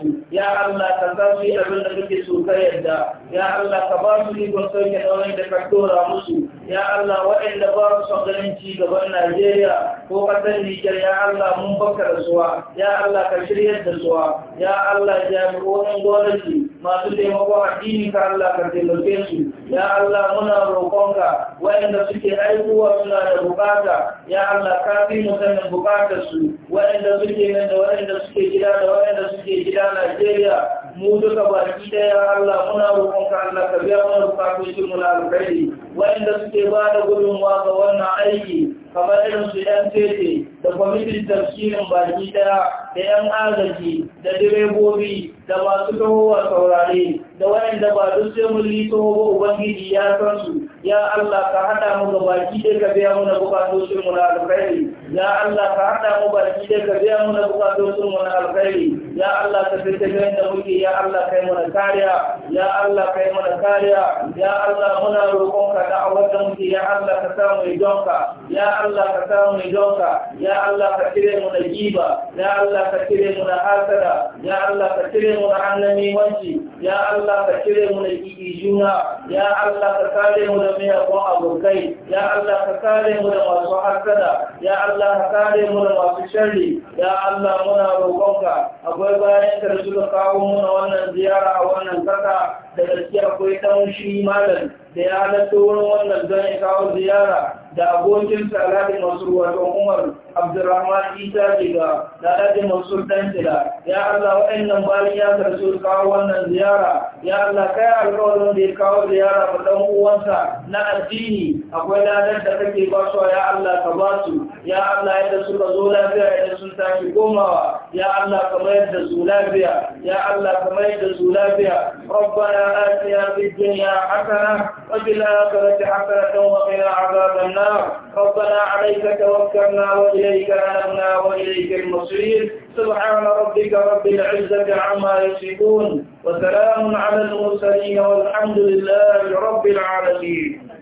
su, ya Allah ka sa su yi abin da kake so ka yarda ya Allah ka ba su ikon sauke nauyin da ka musu ya Allah waɗanda ba su son ganin ci gaban Najeriya ko ƙasar Nijar ya Allah mun baka da suwa ya Allah ka shirya da suwa ya Allah jami'o'in gwamnati masu taimako addini ka Allah ka taimake su ya Allah muna roƙonka waɗanda suke aikuwa suna da bukata ya Allah ka fi mu sanin su waɗanda suke nan da waɗanda suke gida da waɗanda suke gida Najeriya mu duka baki da ya Allah muna roƙonka Allah ka biya mana bukatun mu na alkhairi waɗanda suke ba da gudunmawa ga wannan aiki kamar irin su yan tete da kwamitin tafsirin baki daya da yan agaji da direbobi da masu tahowa saurare da da ba duk sai mun lito ba ubangiji ya san su ya Allah ka hada mu ga baki da ka biya mu na bukatocin mu na alkhairi ya Allah ka hada mu baki da ka biya mu na bukatocin mu na alkhairi ya Allah ka fita ga da muke ya Allah kai mu na kariya ya Allah kai mu na kariya ya Allah muna roƙonka da awadan muke ya Allah ka samu idonka ya Allah ka samu mu donka ya Allah ka cire mu na giba ya Allah ka cire mu na hasada ya Allah ka cire mu na annami wanci ya Allah ka cire mu na kiki juna ya Allah ka kare mu da miyagun abokai ya Allah ka kare mu da masu hasada ya Allah ka kare mu da masu sharri ya Allah muna roƙonka akwai bayan ka da suka kawo muna wannan ziyara a wannan kasa da gaskiya akwai ɗan malam da ya halatta wurin wannan don ya kawo ziyara da abokinsa alhaji mansur wato umar abdurrahman isa ce ga alhaji masu tantila ya allah waɗannan bayan ya zarce kawo wannan ziyara ya allah kai alkawarin da ya kawo ziyara ba ɗan uwansa na addini akwai ladar da kake ba su ya allah ka ba su ya allah yadda suka zo lafiya yadda sun tafi komawa ya allah ka mayar da su lafiya ya allah ka mayar da su lafiya ya آتنا في الدنيا حسنة وفي الآخرة حسنة وقنا عذاب النار ربنا عليك توكلنا وإليك أنبنا وإليك المصير سبحان ربك رب العزة عما يصفون وسلام على المرسلين والحمد لله رب العالمين